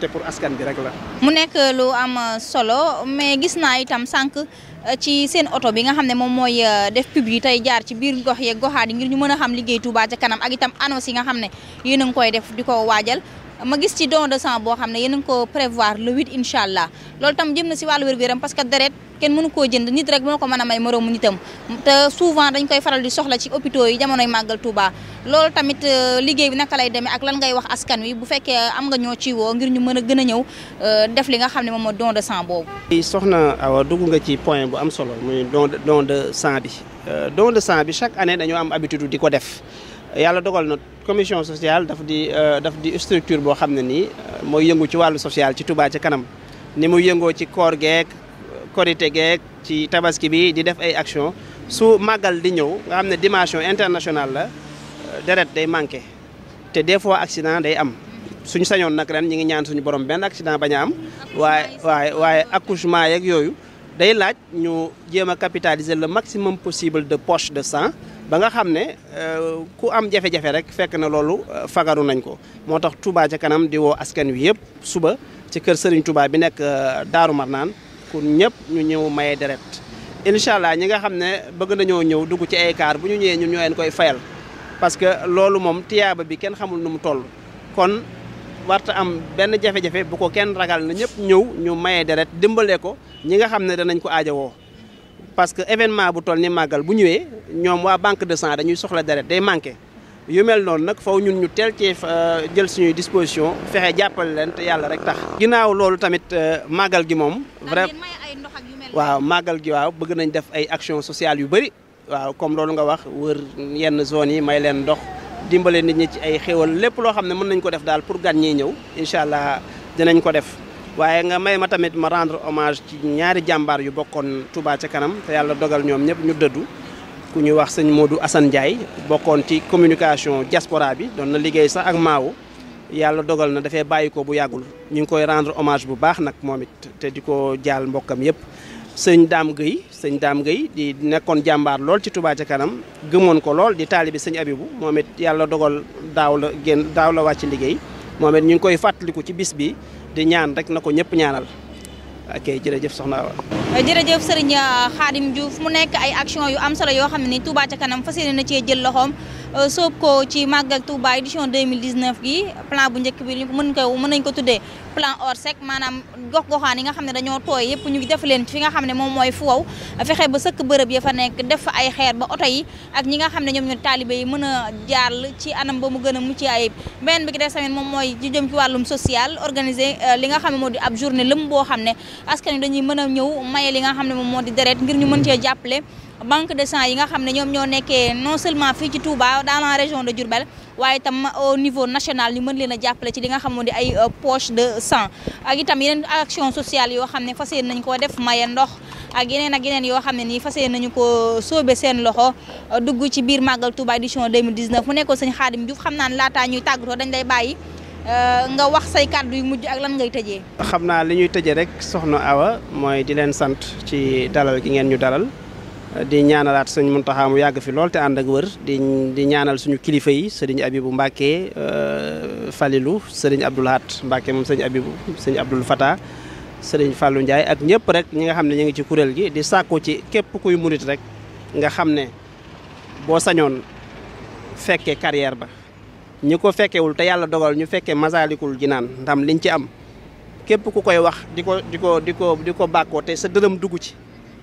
te pour askan bi rek la. mu nekk lu am solo mais gis naa itam sànq. ci seen oto bi nga xam ne moom mooy euh, def pub yi tey jaar ci biir gox yee goxaat yi ngir ñu mën a xam liggéey Touba ca kanam ak itam annonce nga xam ne yéen a koy def di ko waajal ma gis ci don de sang boo xam ne yéen a ko prévoir le 8 incha allah loolu tam jëm na si wàllu wér-gu-yaram parce que deret kenn mënu koo jënd nit rek moo ko mën a may moroomu nitam te souvent dañ koy faral di soxla ci hôpitaux yi jamonoy màggal Touba lool tamit euh, liggéey bi naka lay demee ak lan ngay wax askan wi bu fekkee am nga ñoo ci woo ngir ñu mën a gën a ñëw euh, def li nga xam ne moom mooy don de sang boobu. soxna Awa dugg nga ci point bu am solo muy don don de sang bi euh, don de sang bi chaque année dañoo am habitude di ko def. yàlla dogal na commission sociale dafa di euh, daf di structure boo xam ne nii euh, mooy yëngu ci wàllu sociale ci Touba ci kanam ni mu yëngoo ci koor geek korite geek ci tabaski bi di def ay action su màggal di ñëw nga xam ne dimension internationale la euh, deret day manqué te des fois accident day am suñu sañoon nag ren ñi ngi ñaan suñu borom benn accident bañ am waaye waaye waaye accouchement yeeg yooyu day laaj ñu jéem a capitaliser le maximum possible de poche de sang ba nga xam ne euh, ku am jafe-jafe rek fekk na loolu euh, fagaru nañ ko moo tax Touba ca kanam di woo askan wi yëpp suba ci kër Serigne Touba bi nekk euh, Daaru Marnaan pour ñëpp ñu ñëw mayee deret incha allah ñi nga xam ne bëgg nañoo ñëw dugg ci ay kaar bu ñu ñëwee ñu ñoo koy fayal parce que loolu moom tiyaaba bi kenn xamul nu mu toll kon warta am benn jafe-jafe bu ko kenn ragal na ñëpp ñëw ñu maye deret dimbalee ko ñi nga xam ne danañ ko aajowoo parce que événement bu toll ni màggal bu ñëwee ñoom waa banque de sang dañuy soxla deret day manqué yu mel noonu nag faw ñun ñu teel cee euh, jël suñuy disposition fexe jàppale leen te yàlla rek tax. ginnaaw loolu tamit euh, màggal gi moom. vrai waaw màggal gi waaw bëgg nañ def ay action sociale yu bëri. waaw comme loolu nga wax wër yenn zones yi may leen ndox dimbalee nit ñi ci ay xéwal lépp loo xam ne mën nañ ko def daal pour gan ñiy ñëw incha allah dinañ ko def. waaye nga may ma tamit ma rendre hommage ci ñaari jàmbaar yu bokkoon tubaa ca kanam te yàlla dogal ñoom ñëpp ñu dëddu ku ñu wax sëñ Modou Assane Ndiaye bokkoon ci communication diaspora bi doon na liggéey sax ak Maawo yàlla dogal na dafay bàyyi ko bu yàggul ñu ngi koy rendre hommage bu baax nag moom it te di ko jaal mbokkam yëpp. sëñ daam Guèye sëñ Dame Guèye di nekkoon jàmbaar lool ci tubaa ca kanam gëmoon ko lool di taalibi sëñ Abibou moom it yàlla dogal daaw la génn daaw la wàcc liggéey moom ñu ngi koy fàttaliku ci bis bi. di ñaan rek na ko ñëpp ñaanal ok jërëjëf soxna Awa. jërëjëf sëriñ Khadim Diouf mu nekk ay action yu am solo yoo xam ne Touba ca kanam fas yéene na cee jël loxoom. soob ko ci màggal Touba édition 2019 gi plan bu njëkk bi ñu mën ko mën nañ ko tuddee plan ORSEC maanaam gox-goxaan yi nga xam ne dañoo tooy yëpp ñu def leen fi nga xam ne moom mooy Fouaw fexe ba sëkk bërëb ya fa nekk def ay xeer ba oto yi ak ñi nga xam ne ñoom ñu yi mën a jaar ci anam ba mu gën a mucc ayib benn bi ki des tamit moom mooy ju jëm ci wàllum social organiser li nga xam ne moo di ab journée lëm boo xam ne askan wi dañuy mën a ñëw maye li nga xam ne moom moo di deret ngir ñu mën cee jàppale banque de sang yi nga xam ne ñoom ñoo nekkee non seulement fii ci Touba dans la région de Diourbel waaye itam au niveau national ñu mën leen a jàppale ci li nga xam ne ay euh, poche de sang ak itam yeneen action sociale yoo xam ne fas yéene nañ koo def maye ndox ak yeneen ak yeneen yoo xam ne nii fas yéene nañu ko sóobe seen loxo euh, dugg ci biir Magal Touba édition 2019 mu nekkoon sëñ Xaadim Diouf xam naa ne laataa ñuy tàggatoo dañ lay bàyyi euh, nga wax say kàddu yu mujj ak lan ngay tëjee. xam naa li ñuy tëjee rek soxna Awa mooy di leen sant ci dalal gi ngeen ñu dalal. di ñaanalaat sëñ Muntaxa mu yàgg fi lool te ànd ak wër di di ñaanal suñu kilifa yi sëriñ Abibu Mbàkke euh, Falilu sëriñ Abdul Hat Mbàkke moom sëñ Abibu sëñ Abdul Fata sëriñ Fallou Ndiaye ak ñëpp rek ñi nga xam ne ñu ngi ci kuréel gi di sàkku ci képp kuy murit rek nga xam ne boo sañoon fekkee carrière ba ñi ko fekkewul te yàlla dogal ñu fekkee Masaalikul naan ndam liñ ci am képp ku koy wax di ko di ko di ko di ko bàkkoo te sa dërëm dugg ci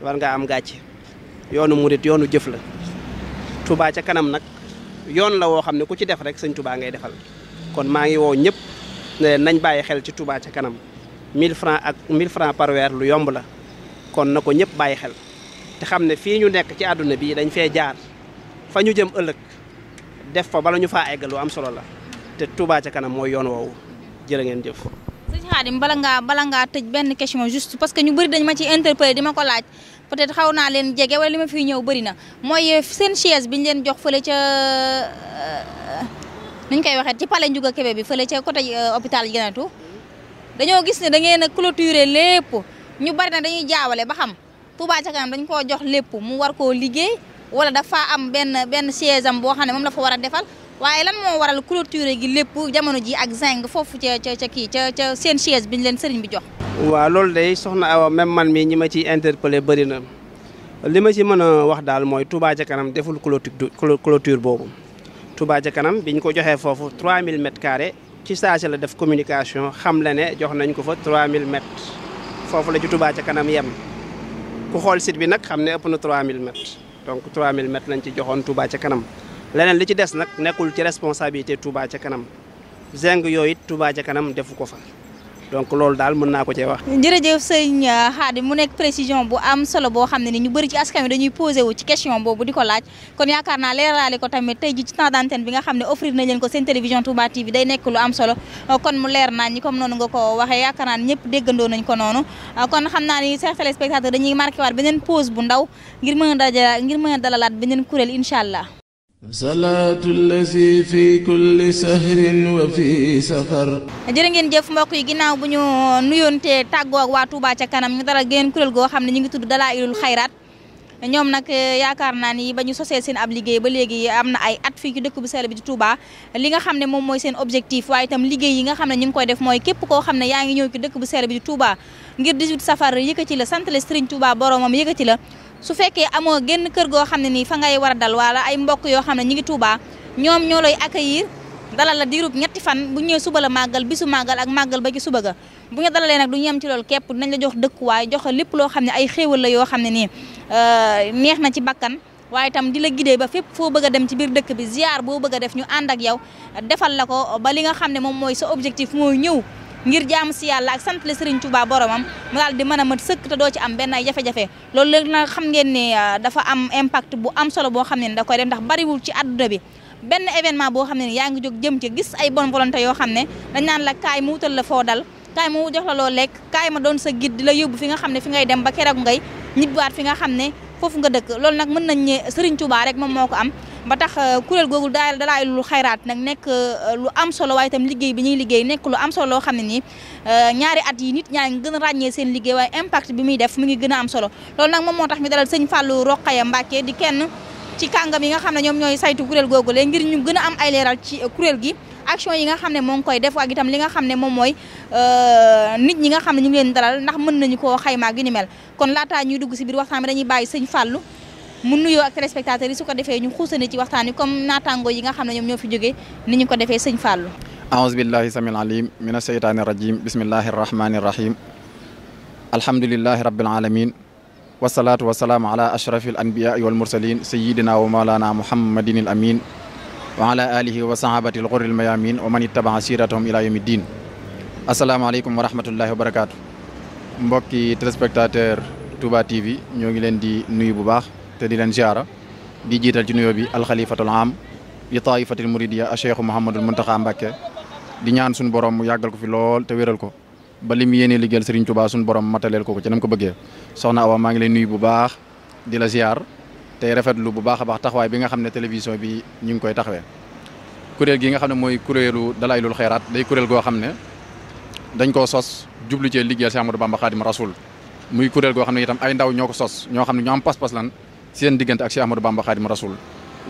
war nga am gàcce yoonu murit yoonu jëf la tubaa ca kanam nag yoon la woo xam ne ku ci def rek sëñ Touba ngay defal kon maa ngi woo ñëpp nañ bàyyi xel ci tubaa ca kanam mille francs ak 1000 francs par weer lu yomb la kon na ko ñëpp bàyyi xel te xam ne fii ñu nekk ci àdduna bi dañ fee jaar fa ñu jëm ëllëg def fa bala ñu faa egg lu am solo la te Touba ca kanam mooy yoon woowu jërë ngeen jëf. sëñ Xaadim bala ngaa bala ngaa tëj benn question juste parce que ñu bëri dañ ma ci interpellé di ma ko laaj. peut-être xaw naa leen jege wala li ma fiy ñëw bëri na mooy seen chaise bi ñu leen jox fële ca euh, nuñ koy waxee ci palais Ndiouga Kébé bi fële ca côté euh, hôpital Janatu dañoo gis ne da ngeen a clôturer lépp ñu bari na dañuy jaawale ba xam Touba ca dañ koo jox lépp mu war koo liggéey wala dafa am benn benn chaise am boo xam ne moom la fa war a defal waaye lan moo waral clôture gi lépp jamono ji ak zinc foofu ca ca ca kii ca ca seen chaise biñ leen sëriñ bi jox. waaw loolu day soxna Awa même man mii ñi ma ciy interpellé bëri na li ma ci mën a wax daal mooy Touba ca kanam deful clôture clôture boobu. Touba ca kanam biñ ko joxee foofu 3000 mètres carrés ci saasi la def communication xam la ne jox nañ ko fa 3000 mètres foofu la ci Touba ca kanam yem ku xool site bi nag xam ne ëpp na 3000 mètres donc 3000 mètres lañ ci joxoon Touba ca kanam. leneen li ci des nag nekkul ci responsabilité Touba ca kanam zeng yooyu it Touba ca kanam defu ko fa donc loolu daal mën naa ko cee wax. jërëjëf sëñ Xaadi mu nekk précision bu am solo boo xam ne ni ñu bëri ci askan wi dañuy posé wu ci question boobu ko laaj kon yaakaar naa leeralaale ko tamit tey ji ci temps d'antenne bi nga xam ne offrir nañ leen ko seen télévision Touba TV day nekk am solo kon mu leer naa ñi comme noonu nga ko waxee yaakaar naa ñëpp déggandoo nañ ko noonu kon xam naa ni chers téléspectateurs dañuy marqué waat beneen pause bu ndaw ngir mën a daja dalalaat beneen kuréel incha allah. salaatu lazi fi kulli sahrin wa fi safar. jërë ngeen jëf mbokk yi ginnaaw bu ñu nuyontee tàggoo ak waa Touba ca kanam ñu dara génn kuréel goo xam ne ñu ngi tudd Dalaa'ilul Xayraat ñoom nag eh, yaakaar naa ni ba ñu sosee seen ab liggéey ba léegi am na ay at fii ci dëkk bu sell bi di Touba li nga xam ne moom mooy seen objectif waaye itam liggéey yi nga xam ne ñu ngi koy def mooy képp koo xam ne yaa ngi ñëw ci dëkk bu sell bi di Touba ngir 18 safar yëkkati la sant la Serigne Touba boromam yëkkati la. su fekkee amoo genn kër goo xam ne nii fa ngay war a dal waala ay mbokk yoo xam ne ñu ngi Touba ñoom ñoo lay accueillir dalal la diirub ñetti fan bu ñëwee suba la màggal bisu màggal ak màggal ba ci suba ga bu ñu dalalee nag du ñu yem ci loolu képp dinañ la jox dëkkuwaay jox lépp loo xam ne ay xéewal la yoo xam ne nii euh, neex na ci bakkan waaye itam di la gidee ba fépp foo bëgg a dem ci biir dëkk bi ziar boo bëgg a def ñu ànd ak yow defal la ko ba li nga xam ne moom mooy sa objectif mooy ñëw ngir jaamu si yàlla ak sant le Serigne Touba boromam mu daal di mën a mat sëkk te doo ci am benn ay jafe-jafe loolu léegi nag xam ngeen ne euh, dafa am impact bu am solo boo xam ne da koy ndax bariwul ci àdduna bi benn événement boo xam ne yaa ngi jóg jëm ci gis ay bonne yoo xam ne dañ naan la kaay mu wutal la foo dal kaay mu jox la loo lekk kaay ma doon sa git di la yóbbu fi nga xam ne fi ngay dem ba keroog ngay ñibbiwaat fi nga xam ne foofu nga dëkk loolu nag mën nañ ne Serigne Touba rek moom moo ko am ba tax euh, kuréel googu daal dalaay lu xayraat nag nekk euh, lu am solo waaye itam liggéey bi ñuy liggéey nekk lu am solo loo xam ne nii euh, ñaari at yi nit ñaa ngi gën a ràññee seen liggéey waaye bi muy def mu ngi gën am solo loolu nag moom moo tax ñu dalal sëñ Fallou Rokhaya Mbacké di kenn ci kàngam yi nga xam ne ñoom ñooy saytu kuréel googu le ngir ñu gën a am ay leeral ci kuréel gi action yi nga xam ne moo ngi koy def itam li xam ne moom mooy nit ñi xam ne ñu ngi leen dalal ndax mën nañu koo xaymaa gi ni mel kon laataa ñuy dugg si biir waxtaan bi bàyyi sëñ fallu mu nuyoo ak téléspectateurs yi su ko defee ñu xuusani ci waxtaan wi comme naataangoo yi nga xam ne ñoom ñoo fi jógee ni ñu ko defee sëñ Fallou ahousubillahi samil alim min asheytaani irajim bismillahi arrahmani irrahim alhamdulilahi rabbil alamin wasalaatu wasalaamu ala ashrafi al anbiyaai wal mursalin sayidina wa maulana muhammadin al amin wa ala alihi wa sahabati al xurri al mayamin wa man ittabaa siratahum ila yawmi din asalaamaaleykum wa rahmatullahi wa barakaatu mbokki téléspectateur Touba TV ñoo ngi leen di nuyu bu baax te di leen ziara di jiital ci nuyoo bi alxalifatul am bi taifatil muridiya a cheikhu Mouhamadul Muntaxa Mbàkke di ñaan suñu borom mu yàggal ko fi lool te wéral ko ba li mu yéenee liggéeyal Serigne Touba suñu borom mataleel ko ko ci nam ko bëggee soxna Awa maa ngi lay nuyu bu baax di la ziar tey rafetlu bu baax a baax taxawaay bi nga xam ne télévision bi ñu ngi koy taxawee kuréel gi nga xam ne mooy kuréelu dalaylul xeeraat day kuréel goo xam ne dañ koo sos jublu cee liggéeyal Cheikh Amadou Bamba Xaadim Rasul muy kuréel goo xam ne itam ay ndaw ñoo ko sos ñoo xam ne ñu am pas seen diggante ak Cheikh Ahmadou Bamba Khadim Rasoul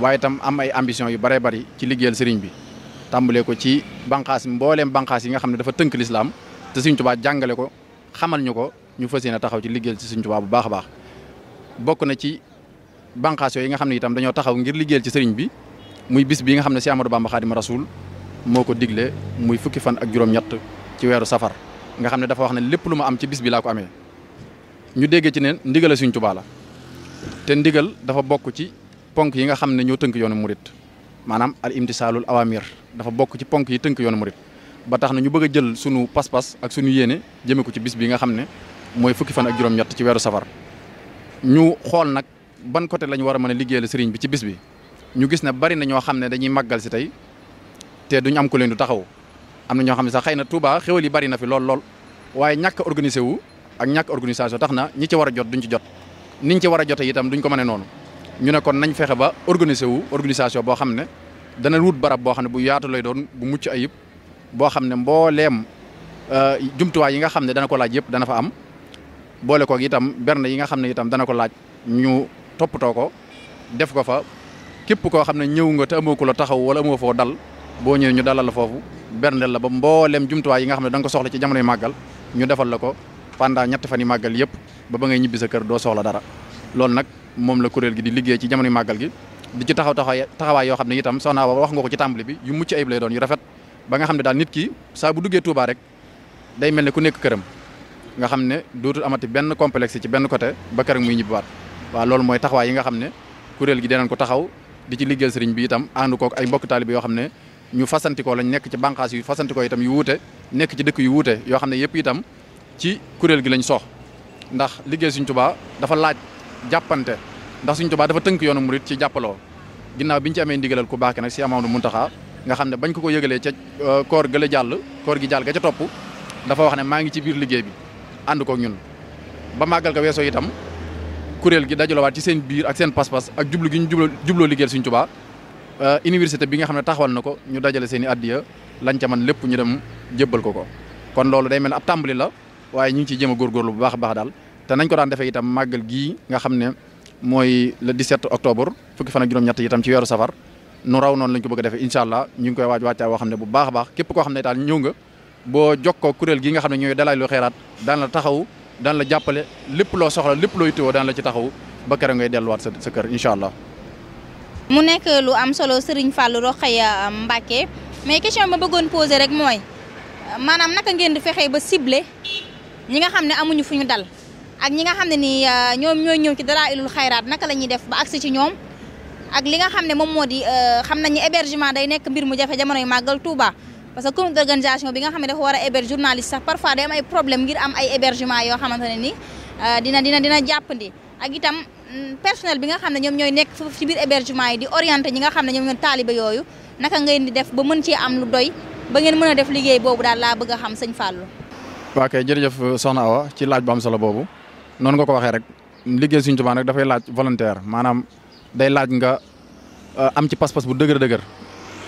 waaye itam am ay ambition yu bare bari ci liggéeyal sëriñ bi tàmbalee ko ci banqaas mbooleem banqaas yi nga xam ne dafa tënk lislaam te Sëriñ Tuubaa jàngale ko xamal ñu ko ñu fas yéene taxaw ci liggéeyal ci Sëriñ Tuubaa bu baax a baax bokk na ci banqaas yooyu nga xam ne itam dañoo taxaw ngir liggéeyal ci sëriñ bi muy bis bi nga xam ne si Ahmadou Bamba Khadim Rasoul moo ko digle muy fukki fan ak juróom ci weeru safar nga xam ne dafa wax ne lépp lu ma am ci bis bi laa ko amee ñu dégg ci ne ndigal Sëriñ Tuubaa te ndigal dafa bokk ci ponk yi nga xam ne ñoo tënk yoonu murit maanaam al imtisaalul awamir dafa bokk ci ponk yi tënk yoonu murit ba tax na ñu bëgg a jël sunu pas-pas ak sunu yéene jëme ko ci bis bi nga xam ne mooy fukki fan ak juróom-ñett ci weeru safar ñu xool nag ban côté la ñu war a mën a liggéeyal sëriñ bi ci bis bi ñu gis ne bari na ñoo xam ne dañuy màggal si tey te duñ am ku leen du taxaw am na ñoo xam ne sax xëy na Touba xéwal yi bari fi lool lool waaye ñàkk organisé wu ak ñàkk organisation tax na ñi ci war a jot duñ ci jot niñ ci war a jote itam duñ ko mëne noonu ñu ne kon nañ fexe ba organiser wu organisation boo xam ne dana wut barab boo xam ne bu yaatu lay doon bu mucc ayib boo xam ne mbooleem euh, jumtuwaay yi nga xam ne dana ko laaj yëpp dana fa am boole koog itam berne yi nga xam ne itam dana ko laaj ñu toppatoo ko def ko fa képp koo xam ne ñëw nga te amoo ko la taxaw wala amoo foo dal boo ñëwee ñu dalal la foofu bernde la ba mbooleem jumtuwaay yi nga xam ne da nga soxla ci jamonoy màggal ñu defal la ko pendant ñetti fan yi màggal yëpp ba ba ngay ñibbi sa kër doo soxla dara loolu nag moom la kuréel gi di liggéey ci jamono màggal gi di ci taxaw taxawaay taxawaay yoo xam ne itam soxna wax nga ko ci tàmbali bi yu mucc ayib nga xam ne daal nit ki saa bu duggee Touba rek day mel ne ku nekk këram nga xam ne dootul amati benn complexe ci benn côté ba kër muy ñibbiwaat waa loolu mooy taxawaay yi nga xam ne kuréel gi dinañ ko taxaw di ci liggéey sëriñ bi itam ànd kook ay mbokk taalibe yoo xam ne ñu fasantikoo lañ nekk ci bànqaas yu fasantikoo itam yu wuute nekk ci dëkk yu wuute yoo xam ne yëpp itam ci kuréel gi lañ sox ndax liggéey Sëriñ tubaa dafa laaj jàppante ndax Sëriñ Tuubaa dafa tënk yoonu murit ci jàppaloo ginnaaw bi ñu ci amee ndigalal ku baax ki nag si mun taxaa nga xam ne bañ ko ko yëgalee ca euh, koor gële jàll koor gi jàll ga ca topp dafa wax ne maa ngi ci biir liggéey bi ànd ko ñun ba màggal ko weesoo itam kuréel gi dajalewaat ci seen biir ak seen pas ak jublu gi ñu jublu jubloo liggéeyal Sëriñ Tuubaa euh, université bi nga xam ne taxawal na ko ñu dajale seen i addiya lañ ca man lépp ñu dem jébbal ko ko kon loolu day mel ne ab tàmbali la waaye ñu ngi ciy jëm a góorgóorlu bu baax a baax daal te nañ ko daan defee itam màggal gii nga xam ne mooy le 17 octobre fukki fan ak juróom-ñett itam ci weeru safar nu raw noonu lañ ko bëgg a defee incha allah ñu ngi koy waaj wàccaa woo xam ne bu baax a baax képp koo xam ne daal ñëw nga boo jokkoo kuréel gi nga xam ne ñooy dalay lu xeeraat daan la taxaw daan la jàppale lépp loo soxla lépp loo yittewoo daan la ci taxaw ba kere ngay delluwaat sa sa kër incha allah mu nekk lu am solo Serigne Fallou Rokhaya Mbacké mais question ma bëggoon poser rek mooy maanaam naka ngeen di fexee ba ciblé ñi nga xam ne amuñu fu ñu dal ak ñi nga xam ne ni euh, ñoom ñooy ñëw ci dara ilul xayraat naka la ñuy def ba agsi ci ñoom ak li nga xam ne moom moo di euh, xam nañu hébergement day nekk mbir mu jafe jamono yu màggal Touba. parce que comité d'organisation bi nga xam ne dafa war a héberge journaliste sax parfois day am ay problème ngir am ay hébergement yoo xamante ne ni euh, dina dina dina jàppandi ak itam mm, personnel bi nga xam ne ñoom ñooy nekk foofu ci biir hébergement yi di orienté ñi nga xam ne ñoom ñooy taaliba yooyu naka ngeen di def ba mën cee am lu doy ba ngeen mën a def liggéey boobu daal laa bëgg a xam sëñ Fallou waa kay jërëjëf euh, soxna Awa ci laaj bu am solo boobu noonu nga ko waxee rek liggéey Sëriñ Tuubaa nag dafay laaj volontaire maanaam day laaj nga euh, am ci pas-pas bu dëgër dëgër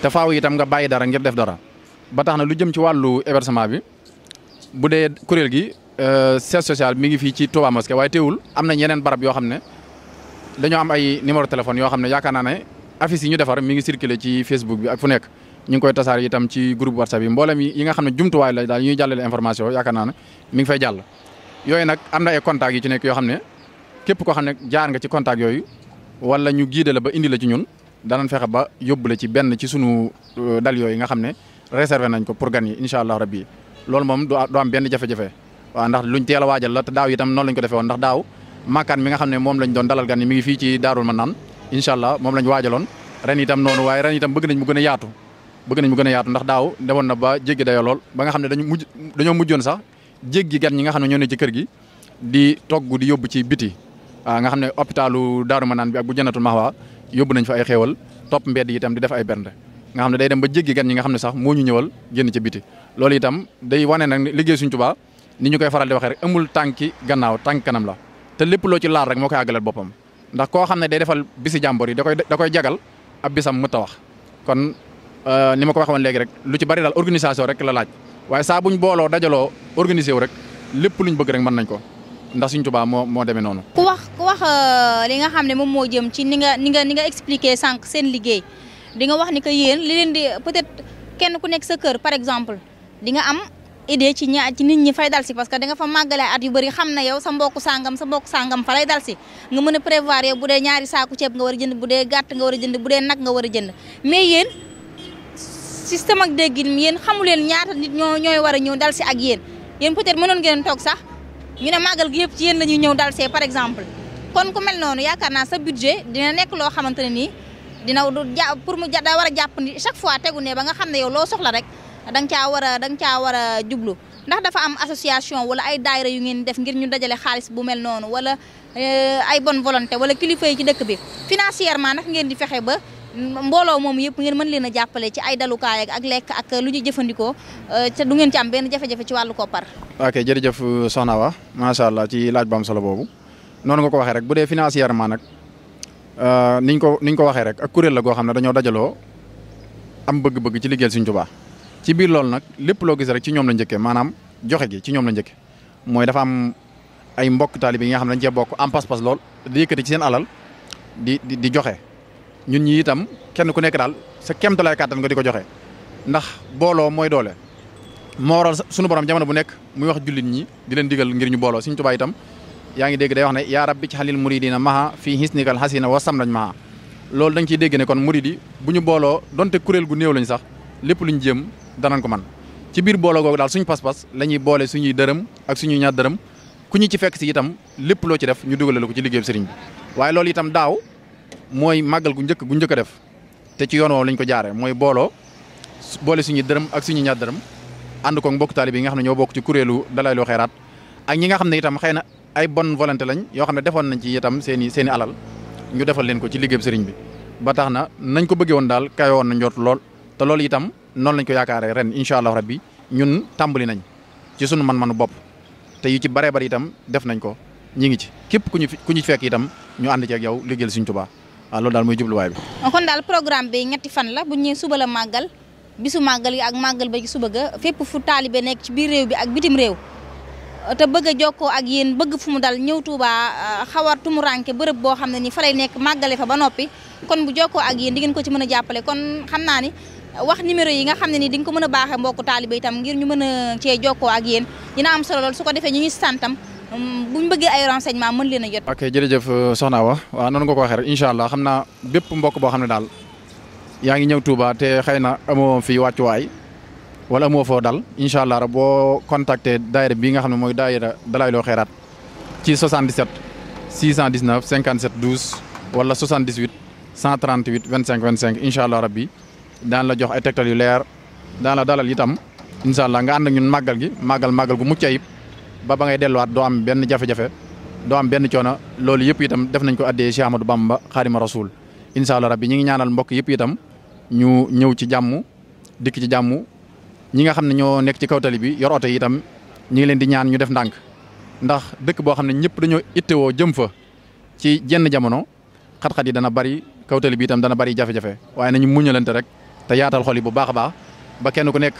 te faaw itam nga bàyyi dara ngir def dara ba tax na lu jëm ci wàllu hébergement bi bu dee kuréel gi euh, siège social mi ngi fii ci Touba Mosquée waaye teewul am na yeneen barab yoo xam ne dañoo am ay numéro téléphone yoo xam ne yaakaar naa ne affiche yi ñu defar mi ngi circulé ci Facebook bi ak fu nekk ñu ngi koy tasaar itam ci groupe whatsapp yi mboolem yi nga xam ne jumtuwaay la daal ñuy jàllale information yaakaar naa mi ngi fay jàll yooyu nag am na ay contacts yi ci nekk yoo xam ne képp koo xam ne jaar nga ci contact yooyu wala ñu guider ba indi la ci ñun danañ fexe ba yóbbu ci benn ci sunu euh, dal yooyu nga xam ne réservé nañ ko pour gan yi incha allah rabbi loolu moom du am benn jafe-jafe waaw ndax luñ teel a waajal la te daaw itam noonu lañ ko defee woon ndax daaw makkaan mi nga xam ne moom lañ doon dalal gan mi ngi fii ci daarul ma naan incha allah moom lañ waajaloon ren itam noonu waaye ren itam bëgg nañ mu gën a yaatu bëgg nañ mu gën a yaatu ndax daaw demoon na ba jéggi dayoo lool ba nga xam ne dañu mujj dañoo mujjoon sax jéggi gan ñi nga xam ne ñoo ne ci kër gi di togg di yóbbu ci biti waaw ah, nga xam ne hôpitalu Daaru Manaan bi ak bu Jannatul Mahwa yóbbu nañ fa ay xéewal topp mbedd yi itam di def ay bernde nga xam ne day dem ba jéggi gan ñi nga xam ne sax moo ñu ñëwal génn ci biti loolu itam day wane nag liggéey Sëriñ Tuubaa ni ñu koy faral di waxee rek amul tànki gannaaw tànk kanam la te lépp loo ci laal rek moo koy àggalal boppam ndax koo xam ne day defal bisi jàmbor yi da koy da koy jagal ab bisam mu ta wax Euh, ni ma ko waxee woon léegi rek lu ci bari daal organisation rek la laaj waaye saa buñ booloo dajaloo organiser wu rek lépp luñ bëgg rek mën nañ ko ndax suñ Tuubaa moo moo demee noonu. ku wax ku wax euh, li nga xam ne moom moo jëm ci ni nga ni nga ni nga expliquer sànq seen liggéey di nga wax ni que yéen li leen di peut-être kenn ku nekk sa kër par exemple di nga am. idée ci ñaa ci ni ñi fay dal si parce que da nga fa màggale at yu bëri xam na yow sa mbokku sàngam sa mbokku sangam fa lay si nga mën a prévoir bu dee ñaari saaku ceeb nga war a jënd bu dee gàtt nga war a jënd bu dee nag nga war a jënd mais système ak déggin yéen xamu leen ñaata nit ñoo ñooy war a ñëw dal si ak yéen yéen peut-être mënoon ngeen toog sax ñu ne màggal gi yëpp ci yéen la ñuy ñëw dal see par exemple. kon ku mel noonu yaakaar naa sa budget dina nekk loo xamante ne nii dina du pour mu ja daa war a jàpp ni chaque fois tegunee ba nga xam ne yow loo soxla rek da nga caa war a da caa war a jublu. ndax dafa am association wala ay daayira yu ngeen def ngir ñu dajale xaalis bu mel noonu wala euh, ay bonne volonté wala kilifa yi ci dëkk bi financièrement ndax ngeen di fexe ba. mbooloo moom yëpp ngeen man leen a jàppale ci ay dalukaay ak lekk ak lu ñu jëfandikoo euh, te du ngeen ci am benn jafe-jafe ci wàllu koppar. ok jërëjëf euh, soxna wax macha allah ci laaj bu solo boobu noonu nga ko waxee rek bu dee financièrement nag euh, niñ ko niñ ko waxee rek ak kuréel la goo xam ne dañoo dajaloo am bëgg-bëgg ci liggéeyal Sëriñ Tuubaa ci biir loolu nag lépp loo gis rek ci ñoom la njëkkee maanaam joxe gi ci ñoom la njëkkee mooy dafa am ay mbokk taalibe yi nga xam ne dañ cee bokk am pas-pas lool di yëkkati ci seen alal di di joxe ñun ñi itam kenn ku nekk daal sa kéemtalaay kàttan nga di ko joxe ndax booloo mooy doole moo waral sunu borom jamono bu nekk muy wax jullit ñi di leen digal ngir ñu booloo Sëriñ Tuubaa itam yaa ngi dégg day wax ne yaa rabbi ci xalil muridina maha fii hisnikal hasina wa samlañ maha loolu da nga ciy ne kon murid yi bu ñu booloo donte kuréel gu néew lañ sax lépp luñ jéem danañ ko man ci biir booloo googu daal suñ pas-pas la ñuy boole suñuy dërëm ak suñuy ñaar dërëm ku ñu ci fekk si itam lépp loo ci def ñu dugalal ko ci liggéeyu sëriñ bi mooy màggal gu njëkk gu njëkk a def te ci yoon woowu lañ ko jaare mooy booloo boole suñu dërëm ak suñu ñaar dërëm ànd ko mbokk taalibe yi nga xam ne ñoo bokk ci kuréelu dalay loo xeeraat ak ñi nga xam ne itam xay na ay bonne volonté lañ yoo xam ne defoon nañ ci itam seeni seeni seen alal ñu defal leen ko ci liggéeyub sëriñ bi ba tax na nañ ko bëggee woon daal woon nañ njort lool te loolu itam noonu lañ ko yaakaaree ren incha allah rabbi ñun tàmbali nañ ci sunu man-manu bopp te yu ci bare bare def nañ ko ñi ngi ci képp ku ñu ku ñu fekk itam ñu ànd ci ak yow liggéeyal Sëriñ Tuubaa waaw ah, loolu daal mooy jubluwaay bi. Ah, kon daal programme bi ñetti fan la bu ñu suba la màggal bisu màggal gi ak màggal ba ci suba ga fépp fu taalibe nekk ci biir réew bi ak bitim réew te bëgg a jokkoo ak yéen bëgg fu mu dal ñëw Touba ah, xawar tumuranke bërëb boo xam ne ni fa lay nekk màggale fa ba noppi kon bu jokkoo ak yéen di ngeen ko ci mën a jàppale kon xam naa ni wax numéro yi nga ne ni di nga ko mën a baaxee mbokku taalibe itam ngir ñu mën a cee jokkoo ak yéen dina am solo lool su ko defee ñu ngi santam bu ñu bëggee ay renseignement mën leen a jot. ok jërëjëf euh, soxna wa waaw noonu nga ko waxee rek allah xam naa bépp mbokk boo xam ne daal yaa ngi ñëw Touba te xëy na amoo fi wàccuwaay wala amoo foo dal incha allah rek boo contacté daayira bi nga xam ne mooy daayira Dalaay loo xeeraat ci 77 619 57 12 wala 78 138 25 25 incha allah rabbi daan la jox ay tegtal yu leer daan la dalal itam incha allah nga ànd ñun màggal gi màggal màggal gu mucc ayib ba ba ngay delluwaat doo am benn jafe-jafe doo am benn coono loolu yëpp itam def nañ ko addee Cheikh Ahmadou Bamba Xaadimu Rasuul incha allah bi ñi ngi ñaanal mbokk yëpp itam ñu ñëw ci jàmm dikk ci jàmm ñi nga xam ne ñoo nekk ci kaw tali bi yor oto yi itam ñi ngi leen di ñaan ñu def ndànk ndax dëkk boo xam ne ñëpp dañoo ittewoo jëm fa ci jenn jamono xat-xat yi dana bari kawtali tali bi itam dana bari jafe-jafe waaye nañu muñalante rek te yaatal xol yi bu baax a baax ba kenn ku nekk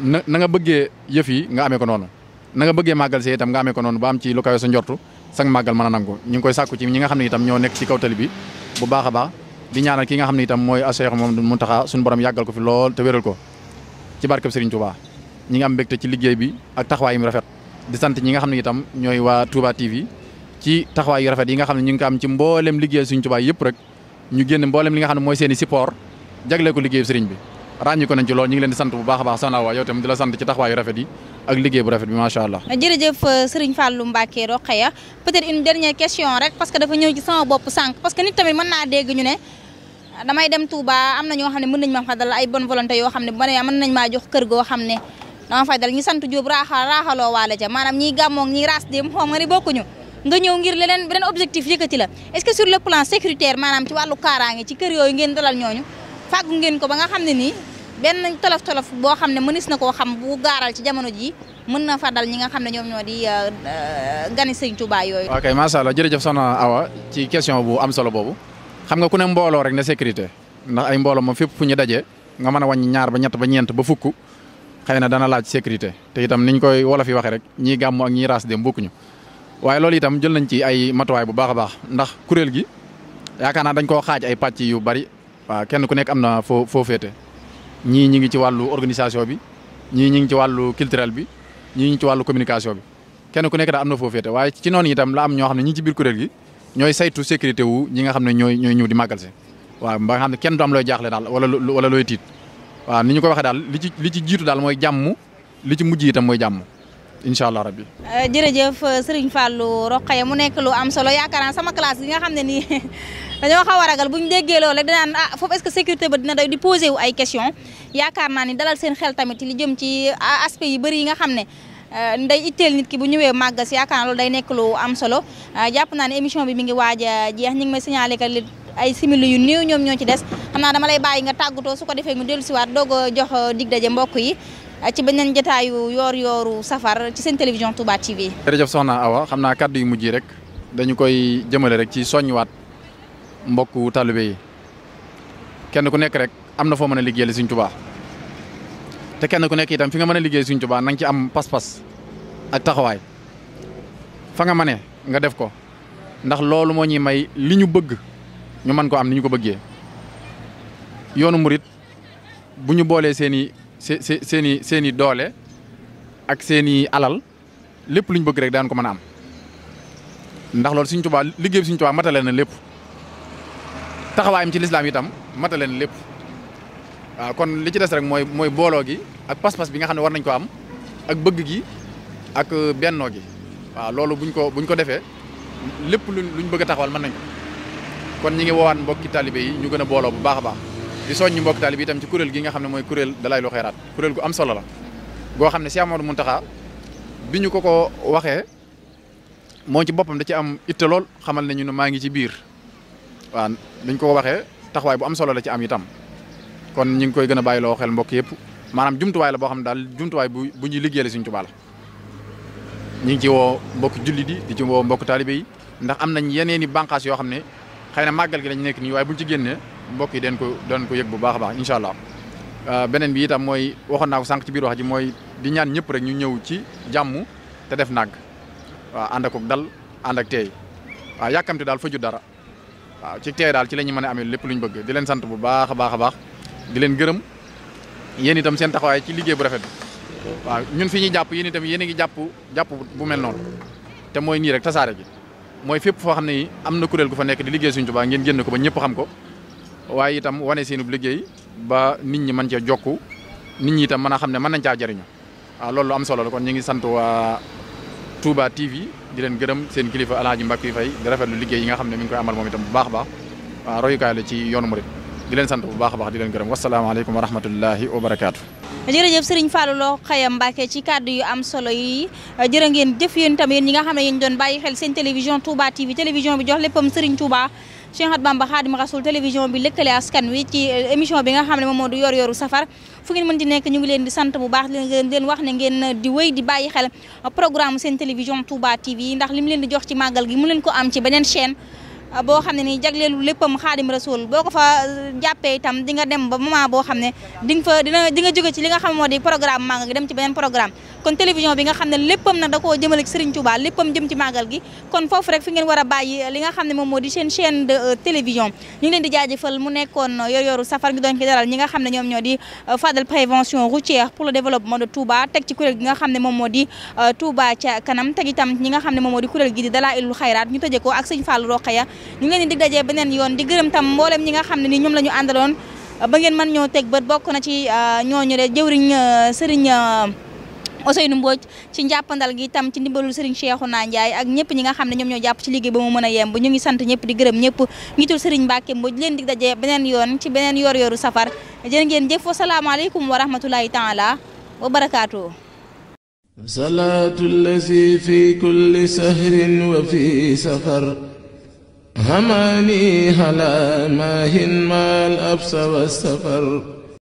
na na nga bëggee yëf yi nga amee ko noonu nanga nga bëggee màggal si itam nga amee ko noonu ba am ci lu kawe sa njortu sag màggal ngi koy sàkku ci ñi nga xam ne itam ñoo nekk ci kaw tali bi bu baax a baax di ñaanal ki nga xam ne itam mooy Cheikh Mouhamadou Mountakha suñu borom yàggal ko fi lool te wéral ko ci barkeb Serigne Touba ñi nga am mbégte ci liggéey bi ak taxawaay yi mu rafet di sant ñi xam ne itam ñooy waa Touba TV ci taxawaay yu rafet yi nga xam ne ñu ngi ko am ci mboolem liggéey Serigne Touba yëpp rek ñu génn mboolem li nga xam ne mooy seen i support jaglee ko liggéey Serigne bi ràññi ko nañ ci lool ñu ngi leen di sant ne ah, damay dem Touba am na ñoo xam ne mën nañ ma xadal ay bonne volonté yoo xam ne bu ma nee mën raaxaloo waale ca maanaam ñiy gàmmoog ñiy raas dem xaw ma ni bokkuñu nga ñëw ngir leneen objectif yëkkati la est sur le plan sécuritaire maanaam ci wàllu kaaraange ci kër yooyu ngeen dalal ñooñu fàggu ngeen ko ba nga xam ne nii benn tolof-tolof boo xam ne mënis na koo xam bu gaaral ci jamono ji mën na fa dal ñi nga xam ne ñoom ñoo di gani sëñ Tuubaa yooyu. ok la allah jërëjëf soxna Awa ci question bu am solo boobu xam nga ku ne mbooloo rek ne sécurité ndax ay mbooloo moom fépp fu ñu dajee nga man a wàññi ñaar ba ñett ba ñeent ba fukk xëy na dana laaj sécurité te itam niñ koy wolof yi waxe rek ñii gàmm ak ñii de dem ñu waaye loolu itam jël nañ ci ay matuwaay bu baax a baax ndax kuréel gi yaakaar naa dañ koo xaaj ay pàcc yu bari waaw kenn ku nekk am na foo foo féete ñii ñi ngi ci wàllu organisation bi ñii ñi ngi ci wàllu culturel bi ñii ñi ngi ci wàllu communication bi kenn ku nekk daal am na foo féete waaye ci noonu itam la am ñoo xam ne ñi ci biir kuréel ñooy saytu sécurité xam ne ñooy ñooy ñëw di màggal si waaw ba nga xam ne kenn du am looy jaaxle daal wala wala looy tiit waaw ni ñu ko waxee daal li ci li ci jiitu daal mooy jàmm li ci mujj itam mooy jàmm incha allah rabbi eh, jërëjëf Serigne Fallou Rokhaya mu nekk lu am solo yaakaar sama classe [LAUGHS] dañoo xaw a bu ñu déggee loolu rek dinaan ah, foofu est-ce que sécurité ba dina doy di posé wu ay question yaakaar naa ni dalal seen xel tamit li jëm ci ah, aspect yu bëri yi nga xam ne euh, nday itteel nit ki bu ñëwee màggas yaakaar naa loolu day nekk lu am solo euh, jàpp naa ne émission bi mi ngi waaj a jeex ñu ngi may signalé que ay simili yu néew ñoom ñoo ci des xam naa dama lay bàyyi nga tàggatoo su ko defee mu dellu siwaat doog a jox euh, dig daje mbokk yi ci beneen jotaayu yoor yooru safar ci seen télévision Touba TV. jërëjëf soxna Awa xam naa kàddu yu mujj rek dañu koy jëmale rek ci soññiwaat mbokku taalibe yi kenn ku nekk rek am na foo mën a liggéeyal Sëriñ Tuubaa te kenn ku nekk itam fi nga mën a liggéey Sëriñ Tuubaa na nga ci am pas-pas ak taxawaay fa nga mane nga def ko ndax loolu moo ñuy may li ñu bëgg ñu mën ko am ni ñu ko bëggee yoonu murit bu ñu boolee seen i se seen i seen doole ak seen i alal lépp lu ñu bëgg rek daan ko mën a am ndax loolu Sëriñ Tuubaa liggéey Sëriñ Tuubaa matale na lépp. taxawaayam ci lislaam itam matale na lépp waaw kon li ci des rek mooy mooy gi ak pas-pas bi nga xam ne war nañ ko am ak bëgg gi ak bennoo gi waaw loolu buñ ko buñ ko defee lépp luñ bëgg a taxawal man nañ ko kon ñu ngi woowaan mbokki taalibé yi ñu gën a booloo bu baax a baax di soññi mbokki taalibé itam ci kuréel gi nga xam ne mooy kuréel dalay lu xeeraat kuréel gu am solo la goo xam ne Cheikh Amadou taxa bi ñu ko ko waxee moo ci boppam da ci am itte lool xamal nañu ne maa ngi ci biir waaw liñ ko waxee taxawaay bu am solo la ci am itam kon ñu ngi koy gën a bàyyi loo xel mbokk yëpp maanaam jumtuwaay la boo xam ne daal jumtuwaay bu bu ñuy liggéeyal Sëriñ Tuubaa la ñu ngi ci woo mbokk julli yi di ci woo mbokk taalibe yi ndax am nañ yeneen i bànqaas yoo xam ne xëy na màggal gi lañ nekk nii waaye buñ ci génnee mbokk yi den ko den ko yëg bu baax baax incha allah euh, beneen bi itam mooy waxoon naa ko sànq ci biir wax mooy di ñaan ñëpp rek ñu ñëw ci jàmm te def nag waaw ànd dal ànd ak yàkkamte daal faju dara waaw ci teey daal ci la ñu mën a amee lépp lu ñu bëgg di leen sant bu baax a baax a baax di leen gërëm yéen itam seen taxawaay ci liggéey bu rafet bi waaw ñun fi ñuy jàpp yéen itam yéen a ngi jàpp jàpp bu mel noonu te mooy nii rek tasaare gi mooy fépp foo xam ne am na kuréel gu fa nekk di liggéey Sëriñ Tuubaa ngeen génn ko ba ñëpp xam ko waaye itam wane seenub liggéey ba nit ñi mën cee jokku nit ñi itam mën a xam ne mën nañ caa jëriñu waaw loolu am solo la kon ñu ngi sant waa Touba di leen gërëm seen kilifa alaaji Mbàkke Fay di rafetlu liggéey yi nga xam ne mi ngi koy amal moom itam bu baax a baax waaw la ci yoonu murit di leen sant bu baax a baax di leen gërëm wasalaamaaleykum wa rahmatullahi wa barakaatu jërëjëf Serigne Fallou Lo Khaya Mbacké ci kàddu yu am solo yi jërë ngeen jëf yéen itam yéen ñi nga xam ne yéen doon bàyyi xel seen télévision Touba TV télévision bi jox léppam Serigne Touba Cheikh Ahmadou Bamba Khadimou Rassoul télévision bi lëkkale askan wi ci euh, émission bi nga xam ne moom moo du yor yoru safar fu ngeen mën di nekk ñu ngi leen di sant bu baax leen leen wax ne ngeen di wéy di bàyyi xel programme seen télévision Touba TV ndax li mu leen di jox ci màggal gi mu leen ko am ci beneen chaîne euh, boo xam ne nii jagleelu léppam xaadim rasul boo ko fa euh, jàppee itam di nga dem ba moment boo xam ne di nga fa dina di nga ci li nga xam moo di programme màggal gi dem ci beneen programme kon télévision bi nga xam ne léppam nag da koo jëmale ci Serigne Touba léppam jëm ci màggal gi kon foofu rek fi ngeen war a bàyyi li nga xam ne moom moo di seen chaîne de euh, télévision ñu ngi leen di jaajëfal mu nekkoon yor-yoru safar gi doon ki dalal ñi nga xam ne ñoom ñoo di euh, Fadel prévention routière pour le développement de Touba teg ci kuréel gi ne moom moo di euh, Touba ca kanam teg itam ñi nga xam ne moom moo di kuréel gi di Dalaa'ilul Xayraat ñu tëjee ko ak Serigne Fallou Rokhaya ñu dajee beneen yoon di tam mboolem nga xam ne ni ñoom la ñu àndaloon ba ngeen mën ñoo teg bat bokk na ci ñooñu de jëwriñ sëriñ Ousseynou Mbodj ci njàppandal gi itam ci ndimbalul Serigne Cheikhouna Ndiaye ak ñëpp ñi nga xam ne ñoom ñoo jàpp ci liggéey ba mu mën a yemb ñu ngi sant ñëpp di gërëm ñëpp ngitul Serigne Mbacke Mbodj leen di daje beneen yoon ci beneen yor yoru safar jërë ngeen jëf wa salaamaaleykum wa rahmatulahi taala wa barakaatu salaatu llazi fi kulli sahrin wa fi safar هماني هلا ماهن ما الأبس والسفر